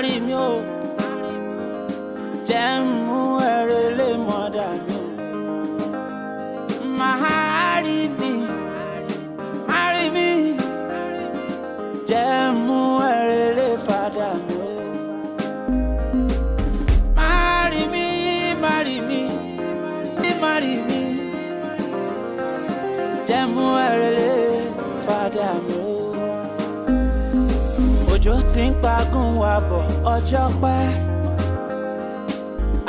parí mi òjò ti ń pagún wa bọ̀ ọjọ́ pẹ́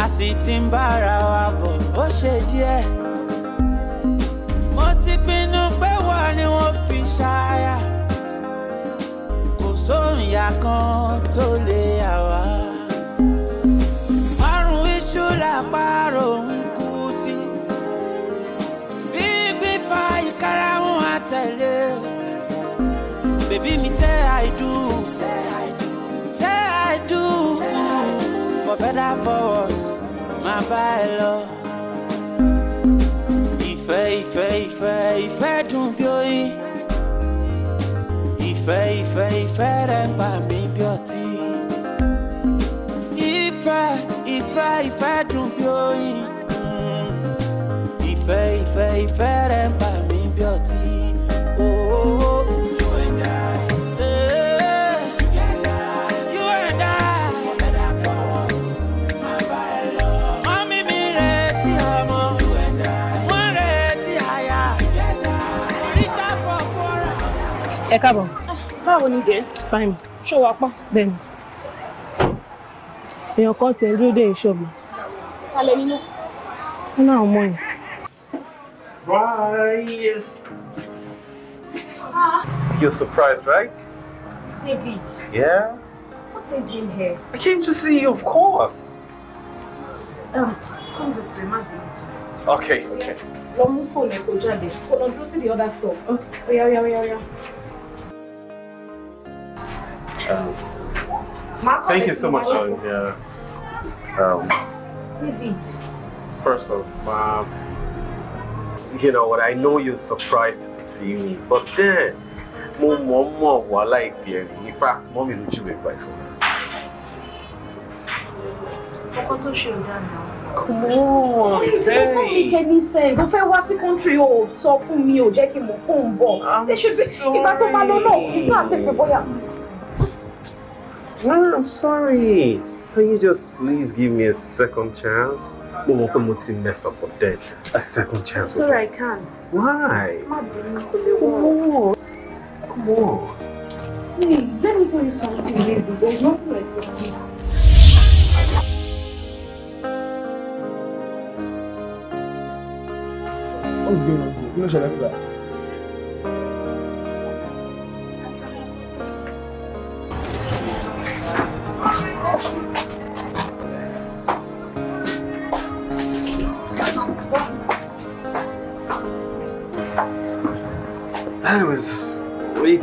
a sì ti ń bára wa bọ̀ ó ṣe díẹ̀ mo ti pinnu pé wà ni wọ́n fi ṣáyà kò sóhun ìyá kan tó lè yà wá ọrùn iṣu làpárò ń kú sí bí gbífa ìkarahun àtẹ̀lé bèbí mi say I do. máa bá ẹ lọ. Ìfẹ́ ìfẹ́ ìfẹ́ ìfẹ́ dùn bí oyin. Ìfẹ́ ìfẹ́ ìfẹ́ rẹ̀ ń pa mí bí ọtí. Ìfẹ́ ìfẹ́ ìfẹ́ dùn bí oyin. Ìfẹ́ ẹ káàbọ̀. Ah, báwo ni dẹ. fine. ṣó wa pa. bẹ́ẹ̀ni èèyàn kan ti ẹ dúró dé ìṣọ́ọ̀bù. ta lẹ nínú. wọn náà mọ yìí. Ah. You're surprised, right? David. Yeah? What are you doing here? I came to see you, of course. Um, come this way, Maggie. Okay, okay. One more phone, Eko Jade. Hold on, go to the other store. Oh, yeah, yeah, yeah, yeah. Um, thank you so much, Alan. Yeah. Um, first off, um, you know what? I know you're surprised to see me, but then, mo mo mo wa like In fact, mommy would you it by phone. Come on, It not make any sense. Ó fẹ́ wá sí country o, sọ fún mi o, jẹ́ kí n mọ̀ kó ń They should be. Ìgbà tó máa lọ it's not safe for boya. No, I'm sorry. Can you just please give me a second chance? Mo mọ̀ pé mo ti mess up but then a second chance. Sorry, I can't. Why? Come on. Come on. See, let me tell you something, baby. There's nothing like this. What's going on? You know, shall I do that?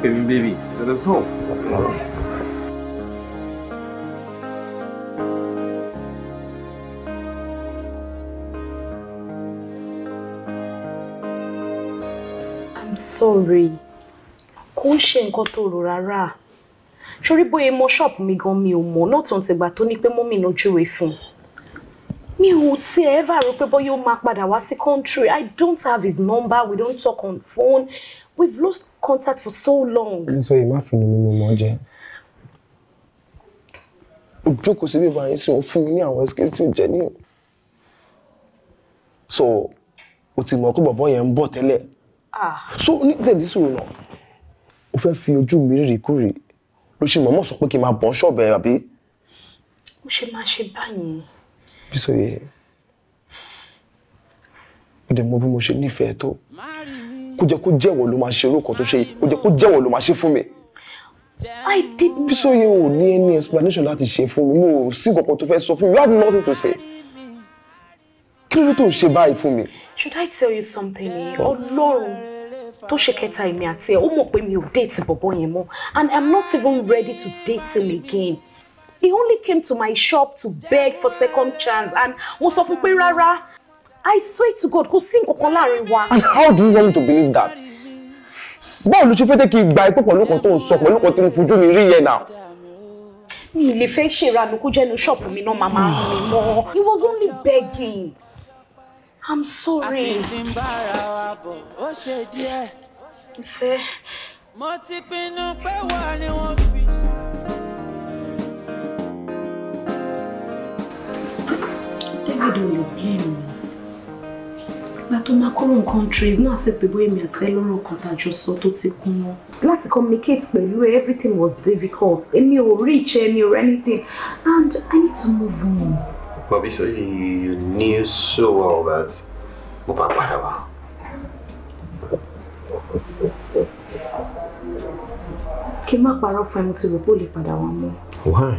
pè baby so let's go. I'm sorry kò ń ṣe nǹkan tó rò rárá sórí bóyá mọ ṣọ́ọ̀pù mi gan mi ò mọ̀ náà tó ń tẹ̀gbà tó ní pé mọ́mì náà júwe fún un mi ò ti ẹ̀ ever rò pé bóyá ó máa padà wá sí country I don't have his number we don't talk on phone we've lost contact for so long. Sọ yìí má fìnnú mi mọ̀ jẹ́. Ojókòó síbí ìbáyìí sí wọn fún mi ní àwọn excuse tí ò jẹ́ So o ti mọ̀ pé bọ̀bọ̀ yẹn ń bọ̀ tẹ́lẹ̀. Ah. So ní tẹ̀lé sùúrù náà, o fẹ́ fi ojú mi rírì kúrì ló ṣe mọ̀mọ́ sọ pé kí n máa bọ̀ ṣọ́ọ̀bù ẹ̀ àbí. Mo ṣe máa ṣe báyìí. So yẹ, ó dẹ̀ mọ bí mo ṣe nífẹ̀ẹ́ tó. Máa rí kó jẹ́ kó jẹ́wọ́ ló máa ṣe irú tó ṣe yìí kó jẹ́ kó jẹ́wọ́ ló máa ṣe fún mi. I did not. Bísọ̀ yẹn ò ní any explanation láti ṣe fún mi, mo ò sí kankan tó fẹ́ sọ fún mi, you have nothing to say. Kí ló dé tó ń ṣe báyìí fún mi? Should I tell you something ni? Ọlọ́run tó ṣe kẹta èmi àti ẹ̀, ó mọ̀ pé mi ò déètì bọ̀bọ̀ yẹn mọ́ and I'm not even ready to date him again. He only came to my shop to beg for second chance and mo sọ fún pé rárá I swear to God kò sí nǹkan kan láàrin wa. And how do you want me to believe that? báwo ló ṣe fẹ́ tẹ́ kí n gba ipò pẹ̀lú kan tó ń sọ pẹ̀lú kan tí mo fojú mi rí yẹn náà. mi ì lè fẹ́ ṣèrànú kó jẹ́nu ṣọ́ọ̀pù mi náà màmá mi ah. mọ́ he was only begging i'm sorry. ìfẹ́. mo ti pinnu pé wà ni wọ́n fi. David, will you blame me? tó máa kúrò ní countries náà sì pé bóyá èmi àti ẹ lọ́rọ̀ kan tàjọ sọ tó ti kún wọn. láti communicate pẹ̀lú everything was difficult èmi ò reach èmi or anything and I need to move on. Bobby, so you, you knew so well that mo bá padà wá. kí n má parọ́ fún ẹ mo ti rò pé ó lè padà wá mọ́. why.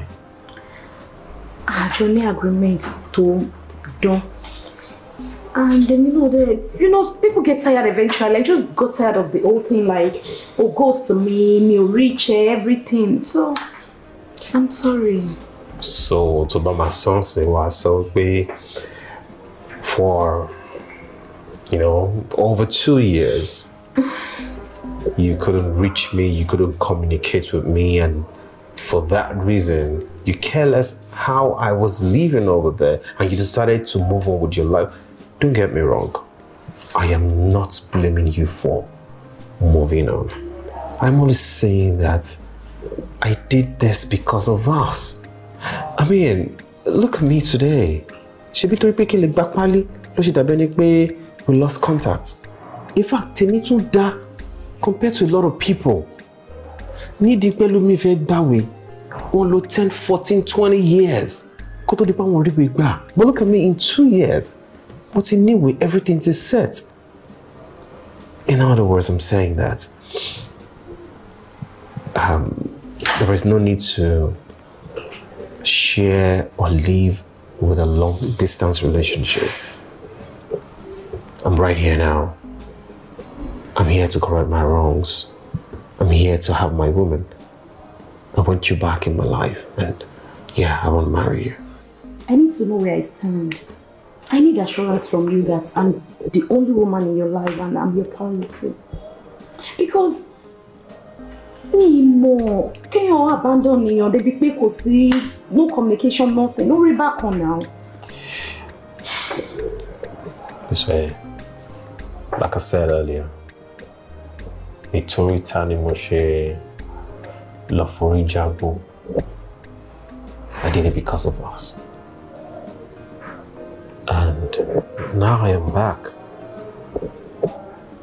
àjọ ní agreement tó dán And then you know, the you know, people get tired eventually. I just got tired of the whole thing, like, oh, ghost to me, me reach everything. So, I'm sorry. So, to my son, say was so be for, you know, over two years. you couldn't reach me, you couldn't communicate with me, and for that reason, you care less how I was living over there, and you decided to move on with your life. Don't get me wrong. I am not blaming you for moving on. I'm only saying that I did this because of us. I mean, look at me today. Ṣebí torí pé kí n lè gba pálí ló ni pé we lost contact. In fact, tèmi tún da compared to a lot of people. Nídìí pé lómi fẹ́ gbàwé, wọ́n lo ten, fourteen, twenty years kó tó di pé àwọn rí gbé gbà. But look at me in two years. in need with everything is set. In other words, I'm saying that um, there is no need to share or live with a long distance relationship. I'm right here now. I'm here to correct my wrongs. I'm here to have my woman. I want you back in my life. And yeah, I want to marry you. I need to know where I stand. I need assurance from you that I'm the only woman in your life and I'm your priority. Because mi mọ̀ kéèyàn abandon èèyàn débi pé kò sí no communication nothing no rí on now. This way, like I said earlier, nítorí ta ni mo ṣe lọ I did it because of us. now I am back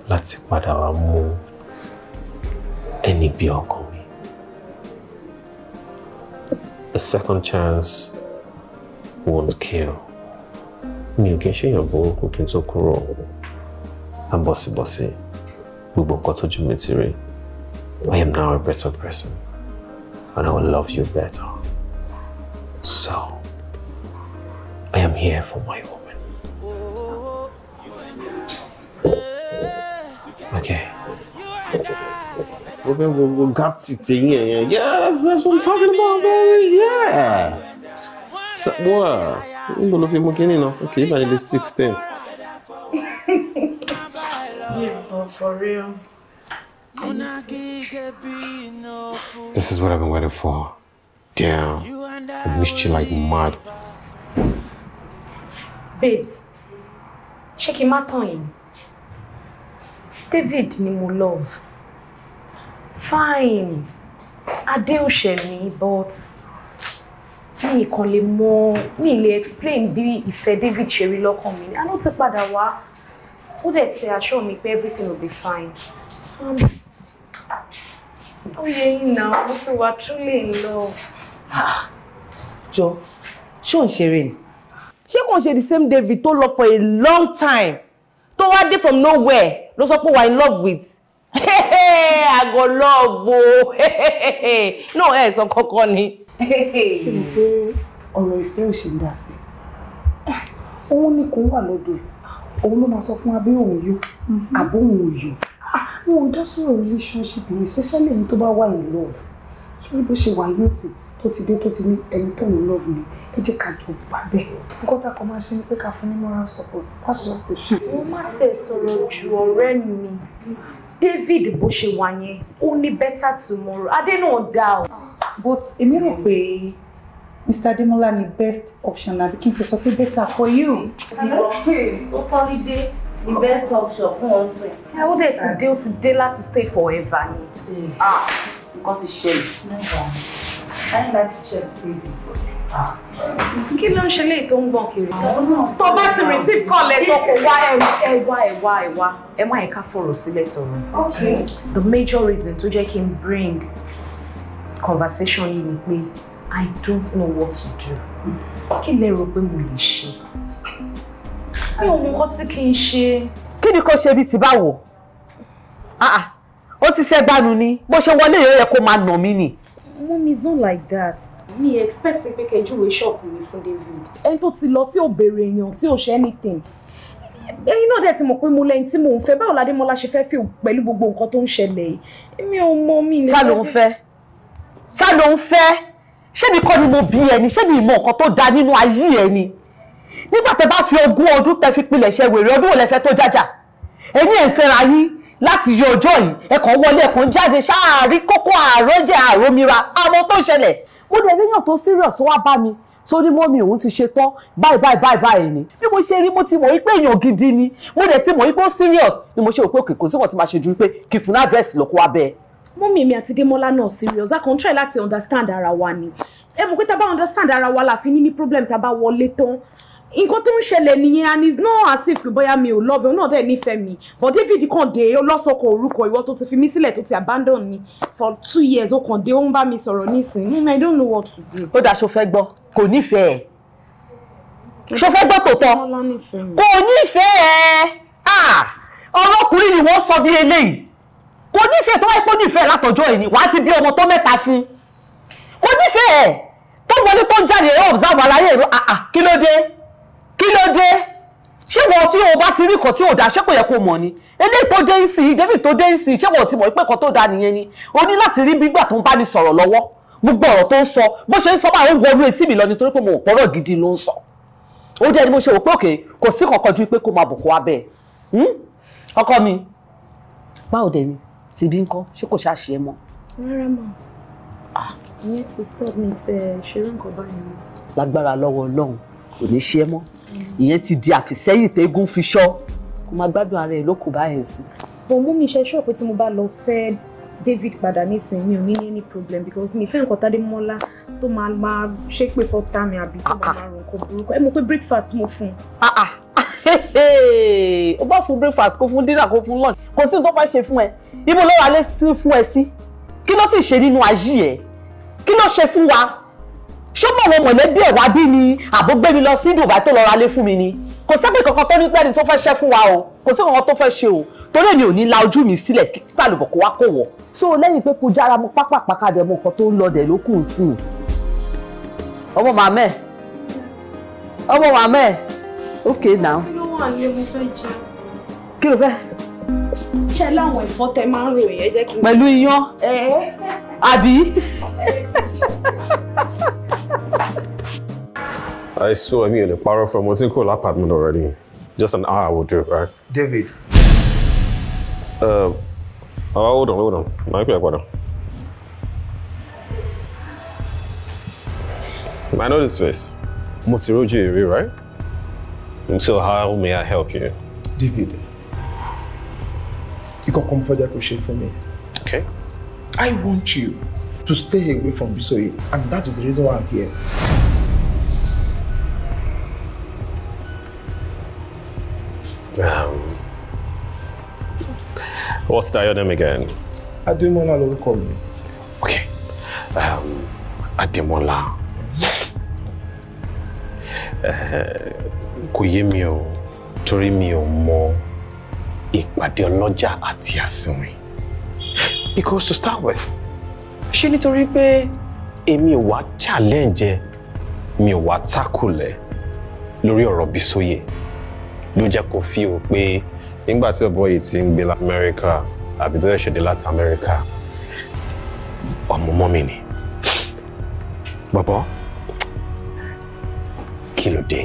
láti padà wá mú ẹni move. Any mi. A second chance won't kill. You can share your book burúkú kí n tó am bossy bossy. We gbogbo nǹkan to mi I am now a better person and I will love you better. So, I am here for my own. wo, gab es die yeah that's that's what I'm talking about baby, yeah! So, boah, um bolo filmo que nem não, ok, vai ele 16. for real. This is what I've been waiting for. Damn, I missed you like mad. Babes, check him out on him. David ni mo love. fine adé òṣèlú but mi kàn le mo, mi le explain bí ife David ṣe rí lọ́kàn mi ni àná ti padà wá ó dẹ̀ ti assure mi pé everything will be fine um, ó yẹ yín náà mo ti wà truly in love. jọ ṣé ò ń ṣeré ni ṣé kò ń ṣe the same David tó lọ for a long time tó wá dé from nowhere ló sọ pé wà in love with. àgọ́ lọ́ọ̀bù náà ẹ̀ No, kọ́kọ́ ni. ṣé mo pé ọ̀rọ̀ ìfẹ́ ò ṣe ń dà sí òun ni kò wà lọ́dọ̀ ẹ̀ òun ló máa sọ fún wa bí òun yó mm-hmm. àbó òun ò yó wọn ah, ò relationship especially ẹni tó ba wa in love sórí bó ṣe wa yín sí tó ti dé tó ti ní ẹni tó ń love ni ẹ jẹ́ ká jọ wà bẹ́ẹ̀ nǹkan tá a kọ máa ni pé ká fún ní moral support that's just it. mo má ṣe sọ̀rọ̀ ju ọ̀rẹ́ mi David bó ṣe wà yẹn ó ní better tomorrow adé náà dá o. but èmi rò pé Mr. Demola ni best option àbí kí n ti sọ pé better for you. tó sọ ní dé the best option fún ọ sìn. ẹ ó dẹ̀ ti dé ó ti dé láti stay forever ni. Ah, nǹkan ti ṣe yìí. káyọ̀dá ti ṣe é kí ló ń ṣe léyìí tó ń gbọ́n kiri. tó bá ti receive call ẹ tó kò wá ẹ wá ẹ wá ẹ wá ẹ má ẹ̀ka fọ̀rọ̀ sílẹ̀ sọ̀rọ̀. the major reason tó jẹ́ kí n bring conversation yìí ni pé i don't know what to do kí lẹ rò pé mo lè ṣe mi ò mú nǹkan tí kì í ṣe. kí ni kò ṣe bíi ti báwo ah, ah. ó ti ṣẹ́gbánu ni bó ṣe wọlé yóò yẹ kó máa nà mí ni. mummy it's not like that mi expect pé kẹjúwe ṣọ́ọ̀bù mi fún David. ẹni tó ti lọ tí ò béèrè èèyàn tí ò ṣe anything ẹ̀yin náà dẹ̀ ti mọ̀ pé mo lẹ́yìn tí mò ń fẹ́ báwo ládémọ́lá ṣe fẹ́ fi pẹ̀lú gbogbo nǹkan tó ń ṣẹlẹ̀ yìí mi ò mi ní. ta ló ń fẹ́ ta ló ń fẹ́ ṣé mi kọ́ ni mo bí ẹni ṣé mi ìmọ̀ nǹkan tó da nínú ayé ẹni nígbà tẹ bá fi ogún ọdún tẹ fi pilẹ̀ ṣe wèrè ọdún wo lẹ fẹ́ tó jájà ẹ̀yin ẹ̀ ń láti yọ ọjọ́ yìí ẹ̀kan wọlé ẹ̀kan jáde ṣáà rí kókó àárọ̀ àròmíra àmọ́ tó ṣẹlẹ̀ mo dẹ̀ léyàn tó serious wá bá mi tó ní mọ́mí òun ti ṣe tán báyìí báyìí báyìí báyìí ni bí mo ṣe rí mo ti mọ̀ wípé èèyàn gidi ni mo dẹ̀ ti mọ̀ wípé ó serious ni mo ṣe rò pé òkè kò sí wọn ti máa ṣe ju wípé kì í fún àdírẹ́sì lọ́kọ́ abẹ́ mọ́mí mi àti Démọ́lá náà serious I kàn try láti understand ara wa ni ẹ mọ̀ pé tá a bá understand ara wa la fi ní ní problem tá a bá wọlé tán nǹkan tó ń ṣẹlẹ̀ nìyẹn and it's not as if bóyá mi ò love òun náà dẹ̀ nífẹ̀ẹ́ mi but David kàn dé lọ́sọ̀kọ̀ orúkọ ìwọ tó ti fi mí sílẹ̀ tó ti abandon mi for two years ó kàn dé ó ń bá mi sọ̀rọ̀ nísìnyí mm, I don't know what to do. ó dá aṣọ fẹ́ gbọ́ kò nífẹ̀ẹ́ ṣo fẹ́ gbọ́ tòótọ́ kò nífẹ̀ẹ́ ah! ọmọkùnrin ni wọ́n sọ bí eléyìí kò nífẹ̀ẹ́ tó wáyé pé ó nífẹ̀ẹ́ látọjọ́ yìí ni wàá ti bí ọmọ tó mẹ́ta fún kò nífẹ̀ẹ́ tó wọlé tó ń jáde ẹ̀ observe àlàyé ẹ̀rọ ah, ah, kí ló dé kí ló dé ṣé wọ́n tí o bá ti rí nǹkan tí o dá ṣé kò yẹ kó mọ̀ ni eléyìí tó dé ń sìn david tó dé ń sìn ṣé wọ́n ti mọ̀ pé nǹkan tó dá nìyẹn ni o ní láti rí bí ìgbà tó ń bá ní sọ̀rọ̀ lọ́wọ́ gbogbo ọ̀rọ̀ tó ń sọ bó ṣe ń sọ báyìí ó wọnú etí mi lọ nítorí pé mo ò pọ̀rọ̀ gidi ló ń sọ ó dé ni mo ṣe wò pé òkè kò sí kankan ju pé kó máa bùkún abẹ́ ẹ̀ hmm? ọkọ mi báwo dẹ̀ ni tìbí ńkọ́ ṣé kò ṣàṣì ẹ mọ́. rárá mọ ìyẹn ti stop me tẹ ṣeré nǹkan báyìí. lágbára lọ́wọ́ ọlọ́run kò ní ṣe é mọ́ ìyẹn ti di àfìsẹ́yìn tẹ́gùn fi ṣọ́ kó máa gbádùn ara ẹ̀ ló kù báyẹn sí. bọ̀ mú mi ṣe ṣọ́ọ̀pù tí mo bá lọ fẹ́ David padà nísìnyí mi ò ní ní any problem because mi fẹ́ nǹkan tádé mọ́lá tó máa máa ṣépè fọ́tà mi àbí tó máa máa rò nǹkan burúkú ẹ mọ̀ pé breakfast mo fún ah, ah. un. o bá fún breakfast kó fún dinner kó fún lunch kò sí nǹkan fẹ́ ṣe fún ẹ ibo ló wà lé fún ẹ sí kí ló ti ṣe nínú ayé ẹ kí ló ṣe fún wa ṣọ́mọ̀ àwọn mọ̀lẹ́bí ẹ̀ wá bí ni àbó gbé mi lọ sí Dubai tó lọ́ra lé fún mi ni kò sẹ́pẹ̀ kankan tó ní pẹ́ni tó fẹ́ ṣẹ́ fún wa o kò sí kankan tó fẹ́ ṣe o torí èmi ò ní la ojú mi sílẹ̀ kíkà kó wá kó wọ̀ so lẹ́yìn pé kó jára mo pápápá kadẹ̀ mo nǹkan tó ń lọ dẹ̀ ló kù sí i ọmọ màmá ọmọ màmá ẹ̀ okay now. kí ló wà ní ewu fẹ́ jẹ. kí ló fẹ́. ṣé láwọn ẹ̀fọ́ máa ń ròyìn ẹ jẹ́ kí n. pẹ̀lú iyán. ẹ eh. Abi, I swear mi ò the parọ́ from ọmọ tí kò lápàdánù already just an hour will do right. David. Uh, uh hold on hold on máa ń pè é padà. I know this face. Motiroji, ti rójú right? So how may I help you? David, You can come for kó ṣe for me. Okay. I want you to stay away from Bisoye, and that is the reason why I'm here. Um, what's your name again? Ademola ló call me. Okay. Um, Ademola. Eh, kò yé mi o, torí mi because to start with ṣé nítorí pé èmi ò wá challenge mi ò wá takulẹ̀ lórí ọ̀rọ̀ Bísóyè ló jẹ́ kó fi hàn pé nígbà tí ọ̀bọ yìí ti ń gbé America. àbí tó ṣẹ̀ṣẹ̀ láti amẹ́ríkà ọmọ mọ́ mi ni bàbá kí ló dé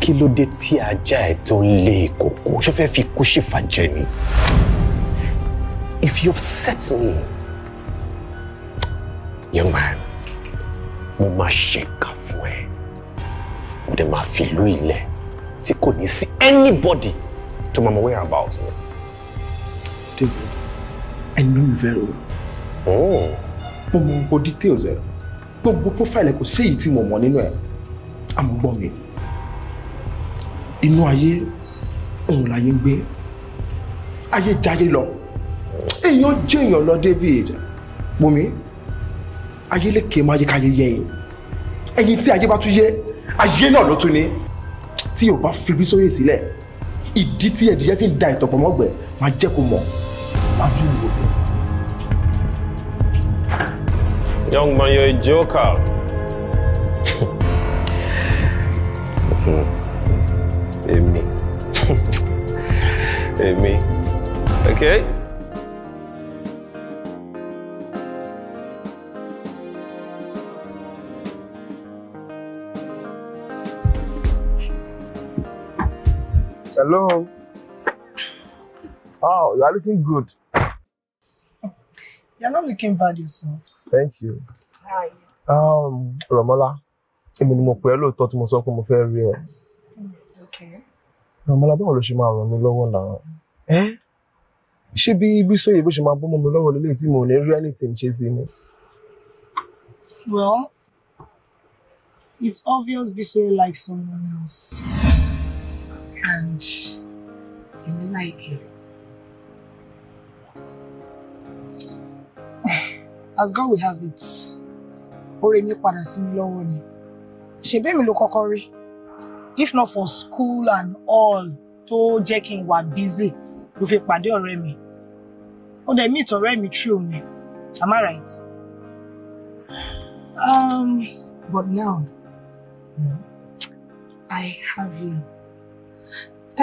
kí ló dé tí ajá ẹ̀ tó ń lé ìkòkò ṣé fẹ́ fi kú ṣèfàjẹ́ ni. If you upset me, young man, mo máa shake fún ẹ. Mo dẹ̀ máa fi ìlú ilẹ̀ tí kò ní sí anybody to mama whereabouts me. David, I know you very well. Oh. Mo mọ gbogbo details ẹ. Gbogbo profile ẹ kò sí èyí tí mo mọ̀ nínú ẹ. Àmọ́ gbọ́ mi. Inú ayé òun láyé ń gbé. Ayé jayé lọ èèyàn jẹ́ èèyàn lọ David Bùnmi ayélékè máa yẹ káyé yẹ yìí ẹyin tí ayé bá tún yẹ ayé náà ló tún ní tí o bá fi bí sóyè sílẹ̀ ìdí tí ẹ̀dìyẹ fi ń da ìtọ̀pọ̀ mọ́gbẹ́ máa jẹ́ kó mọ̀ máa bí ìwò. Young man, you're a joker. Hmm. Èmi. Èmi. Okay? Hello. Oh, you are looking good. You're not looking bad yourself. Thank you. Hi. Um, Romola, èmi ni mo pè ẹ́ lóòótọ́ tí mo sọ pé mo fẹ́ rí ẹ. Okay. Romola, báwo ló ṣe máa ràn Eh? She be Ẹ́ so bí Bísóyè bó ṣe máa bọ́mọ mi lọ́wọ́ lélẹ́yìí tí mo ò ní anything ṣe sí mi? Well, it's obvious Bísóyè likes someone else and èmi láìkẹ́. as God will have it Oremi mi padà sí mi lọ́wọ́ ni ṣèbí èmi ló kọ́kọ́ if not for school and all to Jekin, kí n busy ló fi pàdé ọ̀rẹ́ mi ó dẹ̀ meet ọ̀rẹ́ mi through mi am I right? Um, but now I have you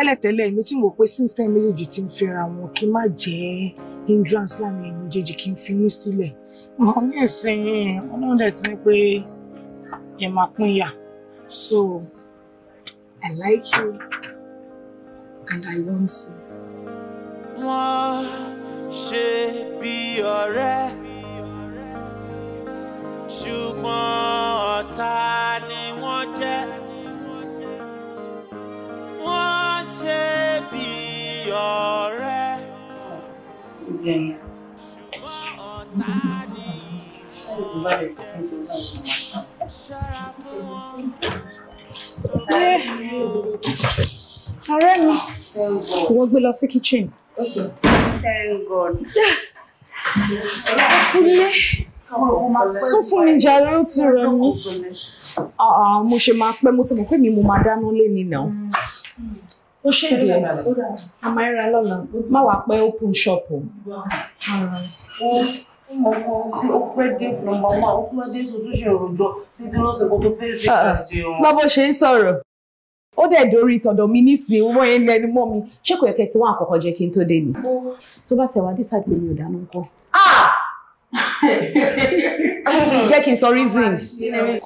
tẹ́lẹ̀tẹ́lẹ̀ èmi tí mo pé since time méjèèjì ti ń fẹ́ra wọn kí n má jẹ́ hindrance láàrin ẹ̀mí jẹ́jì kí n fi yín sílẹ̀ mo ní ìsìn ọlọ́run dẹ̀ ti ní pé yẹn máa so I like you and I want you. wọ́n ṣe bí ọ̀rẹ́ ṣùgbọ́n ọ̀tá ni. bẹ́ẹ̀ eh, ọ̀rẹ́ mi ìwọ gbé lọ sí kitchen. kúnlé sún fún mi jàre ó ti rẹ̀ mí ah, ah, mo ṣe máa pẹ́ mo ti mọ̀ pé mi mo máa dáná lé nìyẹn o ṣe díẹ̀ a máa ń ra lọ́la má wàá pẹ́ open shop o. ọmọ tí ó pẹ́ dé nọ́mbà wa ó tún dé sojú ṣe òròjọ títí lọ́sẹ̀ kó tó fẹ́ẹ́ ṣe ìbàjẹ́ o. bá bó ṣe ń sọ̀rọ̀ ó dẹ̀ dorí tọ̀dọ̀ mi nísìnyí wọ́n yẹn lẹ́nu mọ́ mi ṣé kò yẹ kẹ́ ti wá àkọ́kọ́ jẹ́ kí n tó dé ni. tó bá tẹ̀ wá dísàgbé mi ò dáná ńkọ́. Mm-hmm. jẹ́ kí n sọ reason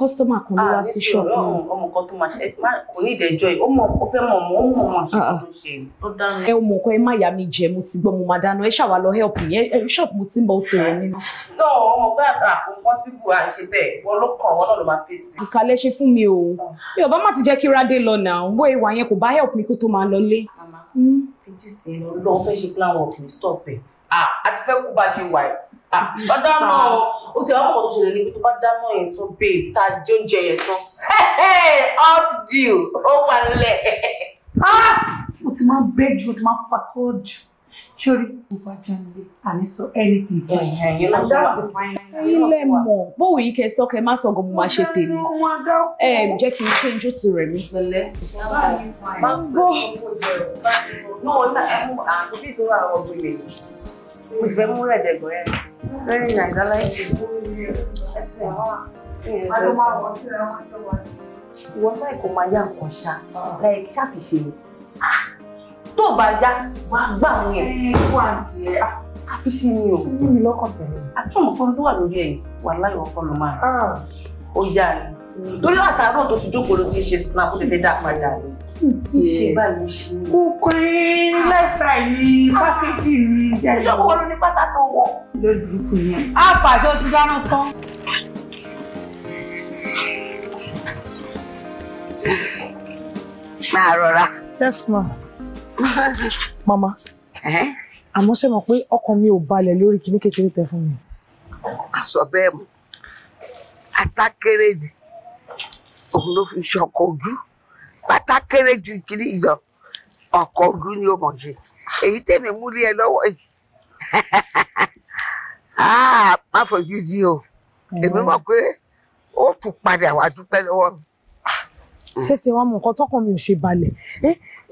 customer kan ló wá sí shop náà. Ah, ọmọ kan tó máa ṣe kò ní ìdẹ́jọ́ yìí ó mọ̀ ó fẹ́ mọ̀ mọ́ ó mọ̀ mọ̀ ṣe tó ah, ah. ṣe tó dáná. ẹ mọ̀ nǹkan ẹ má yà mí jẹ mo ti gbọ́ mo máa dáná ẹ ṣàwà lọ help mi ẹ shop mo ti ń bọ̀ ó ti rẹ̀ mí. náà ọmọ pé àkókò síbù à ń ṣe bẹ́ẹ̀ wọ́n ló kàn wọ́n náà ló máa fèsì. àkàlẹ́ ṣe fún mi o mi ò bá má ti jẹ́ kí rádé lọ nà bó ìwà yẹn kò bá help mi kó tó máa lọ lé. màmá pidgin sí ló lọ fẹ́ ṣe plan work ní stop ẹ̀ àti fẹ́ kú bá ṣe wà ẹ̀ ọ̀dáná o ti àwọn ọmọkùnrin tó ṣẹlẹ̀ níbi tó bá dáná yẹn tán babe ta jẹ oúnjẹ yẹn tán out deal ó wà nílẹ̀. mo ti máa ń bẹ́ ju mo ti máa ń fast forward jù sórí gbogbo ajáde àní sọ anything fún ẹ. ilé mọ̀ bówó yìí kẹ́ sọ́kẹ́ má sọ gan mo máa ṣe tèmi ẹ jẹ́ kí n ṣe ń jó ti rẹ̀ mí. máa ń gbọ́. náà ó ní àwọn ọmọ ìgbìmọ̀ mo fẹ́ múlẹ̀ dẹ̀gbọ́n yẹn lórí nàìjíríà láìpẹ́ ẹsẹ̀ wọn ìwọ láì kó máa yá nǹkan ṣá láì ṣàfiṣe tó bá já wá gbà wọn yẹn. ikú àǹtí ẹ àfiṣe ni o. mi lọ́kàn tẹ̀lé. àtúmọ̀ kan tó wà lórí ẹ̀yìn wà láì wọ́pọ̀ ló máa. ó yá ni torí àtàárọ̀ tó ti jókòó ló ti ń ṣe snap ó tètè dá padà ni kí n ṣe báyìí ṣe ni. kò kọ́ ẹ́ lifestyle ni pákéjì ni jẹ́ ìjọba wọn ní pátákó wọ̀. lójú kù ni. a pàṣẹ ó ti dáná tán. máa rọra. yes ma. mama àmọ́ ṣe mọ̀ pé ọkàn mi ò balẹ̀ lórí kinní kékeré tẹ fún mi. a sọ bẹ́ẹ̀ mu atakere ni òun ló fi ṣọkọ ojú pátá kéré ju kiri lọ ọkọ ojú ni ó mọ ṣe èyí tèmi mú lé ẹ lọ́wọ́ yìí ah, má fojú di o èmi mọ̀ pé ó tún padà wá dúpẹ́ lọ́wọ́ mi ah. ṣé ti wọn mọ nǹkan tọkàn mi ò ṣe balẹ̀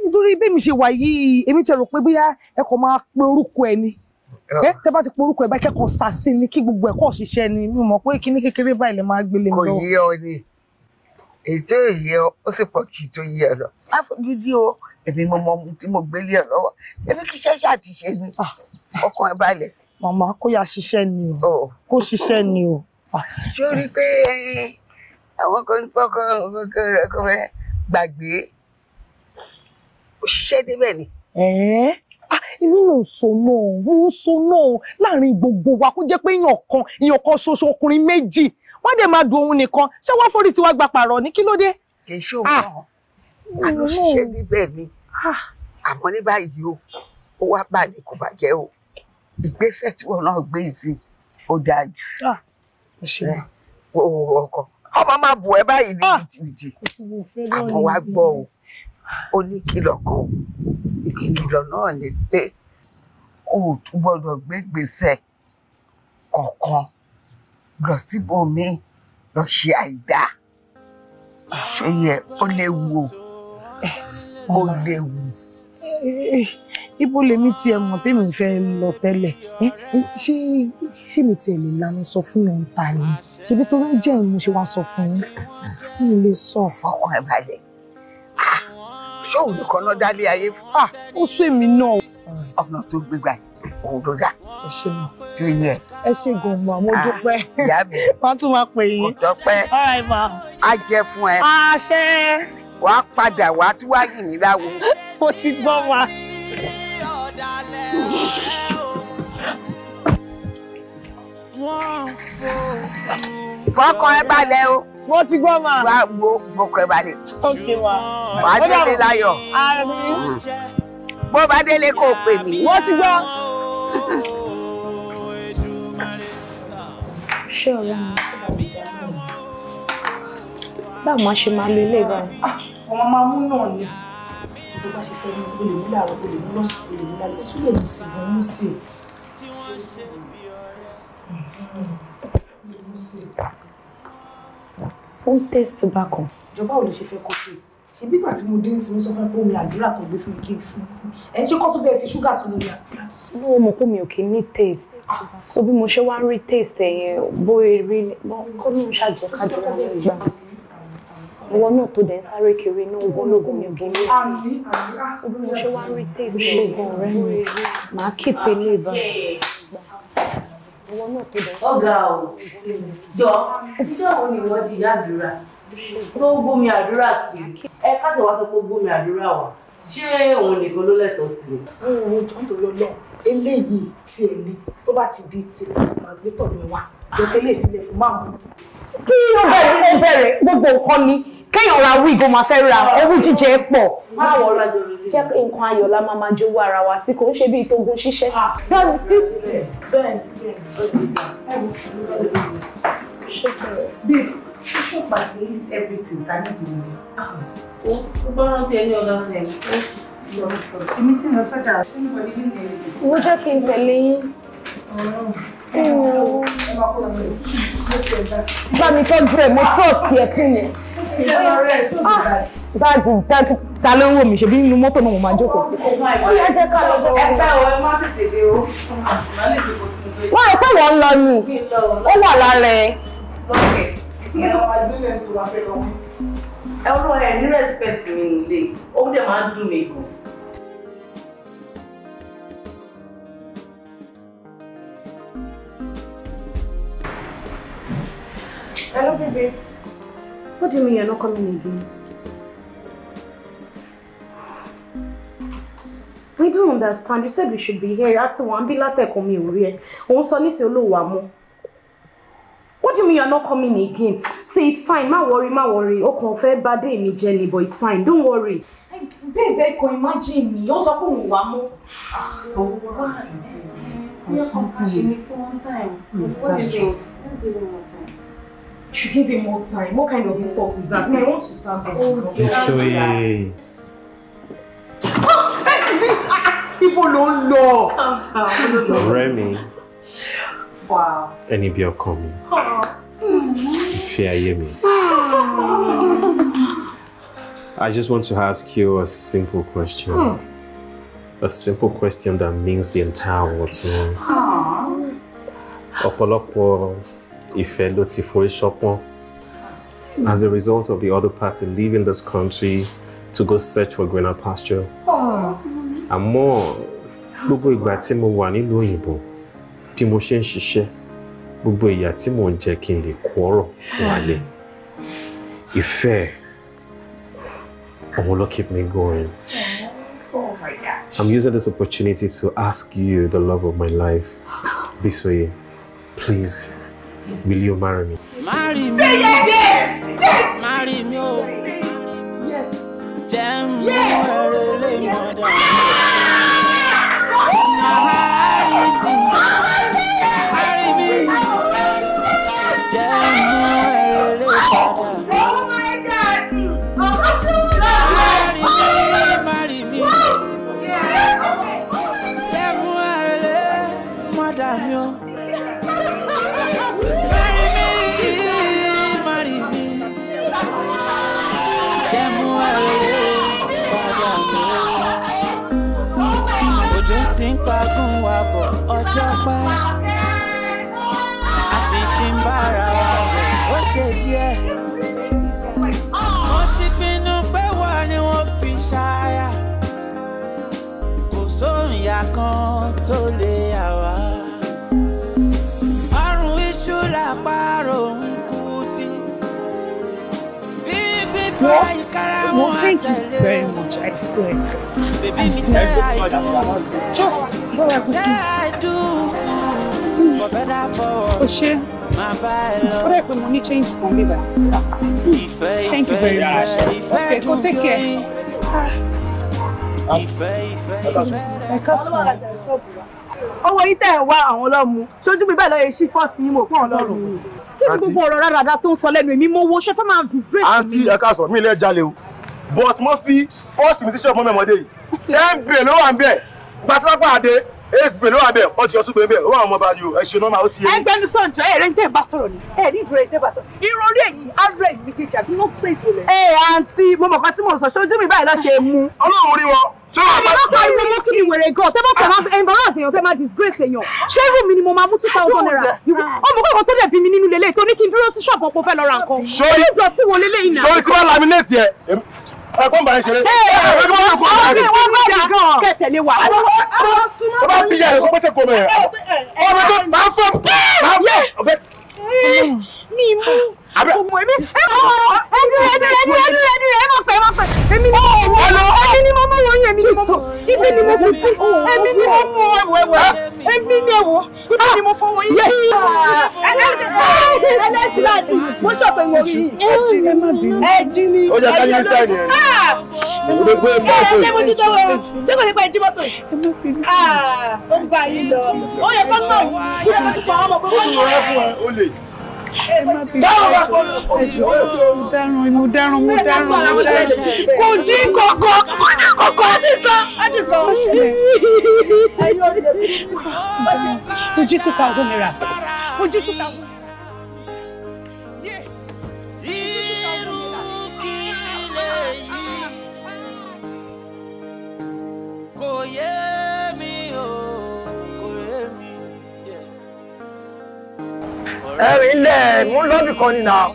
nítorí bẹ́ẹ̀ mi ṣe wà yìí èmi tẹ̀rọ pé bóyá ẹ kò máa pe orúkọ ẹni ẹ tẹ bá ti pe orúkọ ẹ bá kẹ́kọ̀ọ́ sàsìn ni kí gbogbo ẹ̀kọ́ òṣìṣẹ́ ni mi mọ̀ pé kíní kékeré báyìí lè máa gbélé mi lọ. kò yí ọ ni ètò èyí ọ ó sì pọ̀ kí tó yẹ lọ má fojú dí o èmi mo mọ ohun tí mo gbé lé ẹ lọ́wọ́ èmi kì í ṣẹṣẹ àti ṣe ni ah. ọkàn ẹ balẹ̀. màmá kó yá ṣiṣẹ́ ni o oh. kó ṣiṣẹ́ ni o. Ah. ṣé o rí i pé àwọn kan fọkàn fọkàn rẹ kọ fẹ gbàgbé òṣìṣẹ́ débẹ̀ ni. ẹ̀ẹ́ ah, inú ló ń so náà ń so náà láàrin gbogbo wa kó jẹ́ pé èèyàn kan èèyàn kan ṣoṣo ọkùnrin méjì wọ́n dẹ̀ máa du òun nìkan ṣé wọ́n forí tiwa gba pààrọ̀ ní kí ló dé. kì í ṣòwò àná ah. ṣiṣẹ́ níbẹ̀ ni ah. àmọ́ ní báyìí o ó wá bà ní kò bàjẹ́ o ìgbésẹ̀ tí wọn náà gbé sí ó dáa jù. Ah. ọkọ ọmọ máa bù ẹ báyìí ní bìtìbìtì àmọ́ wá gbọ́ o ó ní kìlọ̀ kan ìkìlọ̀ náà ni pé o ò tún gbọ́dọ̀ gbé gbèsè kankan lọ síbòmí lọ ṣe àìdá ṣe yẹ ó léwu o eh, ó léwu. ibo lèmi tiẹ̀ mọ̀ tèmi fẹ́ lọ tẹ́lẹ̀ eh, eh, ṣé ṣé mi tiẹ̀ lè lanu sọ fún yàn ta ni ṣebí tó ń jẹ́ ìmú ṣe wá sọ fún yín mi lè sọ. fọkàn ẹ balẹ̀ ah, ṣé òun nìkan náà dálé ayé fún. Ah, ó sún èmi náà. ọ̀nà tó gbégbá yìí òwúrọ̀dà ẹ ṣe mọ̀ tó yẹ. ẹ ṣe gan mọ mo ah, dúpẹ́ ìyá mi wọn tún máa pè yín kò dọpẹ á jẹ fún ẹ àṣẹ wàá padà wàá tún wá yìn mí mo ti gbọ́ wa. fọkàn ẹ balẹ̀ o. mo ti gbọ́ ma. wá wo fọkàn ẹ balẹ̀. ok wa. wàá délé láyọ̀. àmín. bó bá délé kó pè mí. mo ti gbọ́ ṣé ọ̀rẹ́ mi báwo máa ṣe máa lo ilé ìbáyìí. Ah, ọmọ máa mú náà ni bó bá ṣe fẹ́ mú o lè mú láàárọ̀ o lè mú lọ́sàn o lè mú lálẹ́ o tún lè mú sí ìbọn mú sí i. ó ń test bákan. ìjọba ò lè ṣe fẹ́ kó test ṣe bí ìgbà tí mo dé ń sin mo sọ fún ẹ pé omi àdúrà tó gbé fún mi kí n fún ẹ ṣé kó tún bẹ́ẹ̀ fi ṣúgà sínú omi àdúrà ní o mọ̀ pé mi ò kì ní taste so bí mo ṣe wá rí taste ẹ̀yẹn bó eré kọ́ ló ń ṣàjọ kájọ láwọn ìgbà ìwọ náà tó dẹ̀ ń sáré kiri inú ogun mi ò kì í so bí mo ṣe wá rí taste ẹ̀yẹn bó eré màá kìpé ní ìbá ìwọ náà tó dẹ̀ ń sáré ọ̀gá ò jọ jíjọ́ wo ni ìwọ di àdúrà tó gbómi àdúrà kiri ẹ ká tó wá sọ pé ó gbómi àdúrà wà ṣé òun nìkan ló lẹ́tọ̀ọ́ sí i eléyìí tí ẹ ní tó bá ti di ti máa gbé tọ̀dọ̀ wa jọfẹ́ lè sílẹ̀ fún máa mú. kí ló bẹ̀rẹ̀ mo bẹ̀rẹ̀ gbogbo nǹkan ni kéèyàn ra wíìgì ó máa fẹ́ ra owó jíjẹ pọ̀. báwo la jẹ́ pé nǹkan ayọ̀ la máa máa jowó ara wa sí kò ń ṣe bíi tógun ṣíṣẹ́. Ah, bẹ́ẹ̀ni bẹ́ẹ̀ni ó ti gbà bíi bíṣọ̀pù àti everything ta ní ìdílé. Ah, ó bá rántí ẹni ọ̀dọ́ ẹ̀ ó sì èmi tí mo sọ́jà mo jẹ́ kí n tẹ̀lé yín. bá mi tọ́jú ẹ̀ mo trust yẹ fún mi. dájú dájú ta ló ń wò mí ṣebí nínú mọ́tò náà mo máa jókòó sí. ó yẹ jẹ́ ká lọ bọ́ ẹ pẹ́ o ẹ má tètè dé o. wọ́n ẹ pé wọ́n ń lọ ni ó wà lára ẹ. lọ́kẹ̀ ẹ̀ ẹ̀ wọ́n á gbé lẹ́sùn wá fẹ́ ẹ ní respect mi nílé ó dẹ̀ máa ń dùn mí gan. Hello, baby. What do you mean you're not coming again? I don't understand. You said we should be here. Àti wọ́n bí látẹ̀kùn mi ò rí ẹ. Òun What do you mean you're not coming again? Say it's fine. Ma worry, ma worry. O kàn fẹ́ bá dé mi but it's fine. Don't worry. Babe, ẹ kò imagine me Ó sọ pé òun wà mọ́. Òun wà sí. Òun sọ pé òun wà mọ́. Let's give him more time. she gave him more time. What kind of insult is that? I want to stand up. Oh, yes, so People don't know. Calm down. No. Remy. Wow. Any be your coming. Fear me. I just want to ask you a simple question. Hmm. A simple question that means the entire world to me. Ọ̀pọ̀lọpọ̀ Ife Lotifori Shopon. As a result of the other party leaving this country to go search for greener pasture. Àmọ́ gbogbo ìgbà tí mo wà nílùú òyìnbó bí mo ṣe ń ṣiṣẹ́ gbogbo ìyà tí mò ń jẹ kí n lè kó ọ̀rọ̀ wálé. Ìfẹ́ òun ló keep me going. Oh I'm using this opportunity to ask you, the love of my life, Bisoye, please. Will you marry me? Marry me. Say yes, yes, Marry me. Yes. Yes. yes. bọ̀ ọjọ́ pẹ́ a sì ti ń bára wa bọ̀ ó ṣe díẹ̀. wọ́n ti pinnu pé wà ni wọ́n fi ṣáyà kò sóòyà kan tó lè yà wá. ọrùn iṣu làpárò ń kú sí. bí gbígbó àyíkára wọn àtẹ̀lé. Thank you very much, I swear. Baby, I'm sorry, God, just. Oshé, kò sí. o ṣe ọ̀rẹ́ pé mo change kan bíbá. thank you very much. okay go take care. Ah. ẹ káàsán owó yín tẹ̀ ń wá àwọn ọlọ́mu sójú bíbẹ̀ lọ́ọ́ yẹn ṣí pọ́ọ̀sì yín mọ̀ fún ọlọ́run kí ni gbogbo ọ̀rọ̀ rárá tó ń sọ lẹ́nu èmi mọ́wọ́ ṣe fẹ́ máa disgrace mi. àǹtí ẹ káàsán mi ilé jalè o but mo fi fọ́ọ̀sì mi sí ṣọ́ọ̀bù mọ́mọ́dé yìí ẹ̀ ń bè ló wà ń bẹ̀ gbàtíwápá àdé èsì pèlú àbẹ ọ ti ọtún bẹbẹ ó wà ọmọ ọba ni o ẹ ṣe nọmba ó ti yé. ẹgbẹ́ mi sọ̀rọ̀ jọ ẹ̀rẹ́ ń tẹ̀ bá sọ̀rọ̀ ni ẹ̀ ní ìdúró ẹ̀ ń tẹ̀ bá sọ̀rọ̀ ìrọ̀rí èyí àdúrà èyí ní kékeré àbí wọ́n fẹ́ ìfòlẹ̀. ẹ àǹtí mo mọ̀ kan tí mo sọ ṣojú mi báyìí lọ́ọ́ ṣe mú. ọlọ́run rí wọn. disgrace èèyàn ṣé irú mi ni mo máa thousand naira ọmọ kọ̀ọ̀kan tó dẹ̀ bí mi nínú lélẹ̀ tó ní kí n dúró sí ṣọ́ọ̀bù ọ̀pọ̀ fẹ́ lọ ra nǹkan. sori laminate yẹ ẹ kó n bá yín ṣeré. ẹ ẹ ẹ wọ́n kọ́ ọ́ sí wọ́n bá yà gan. kẹtẹ̀lé wa. ọ bá bí yàrá kó pèsè gomẹ. ọmọ tó máa fọ máa fọ mi mú ọmọ èmi ẹ mọ ẹdú ẹdú ẹdú ẹdú ẹdú ẹ mọ pẹ ẹ mọ pẹ èmi ni mo mọ èmi ni mo mọ wọn yẹn èmi ni mo mọ ibi ni mo fi sí èmi ni mo mọ ẹwọ ẹwọ èmi ni ẹwọ ibi ni mo fọwọ́ yìí. ẹlẹ́sìn láti mo sọ pé mo rí ẹjì ni ó yẹ ká yẹn sẹ́yìn ẹ̀ gbogbo ẹ fún ọ̀pẹ. ẹ ẹ mójútó o ṣé kò ní pa ẹjí mọ́tò yìí. ó ń gba yín lọ ó yẹ kó mọ̀ ó yẹ kó tún pa ọmọ gbogbo yìí. ó sì rọra fún ẹ ó lè. Mo dẹrùn mo dẹrùn mo dẹrùn. Kò dín kọ̀kọ̀ kò dín kọ̀kọ̀ ọdún kan. Ọdún kan. Ojú two thousand naira. Ojú two thousand. Oh yeah. ẹ̀rìn ilẹ̀ mú lọ́bì kan nínà.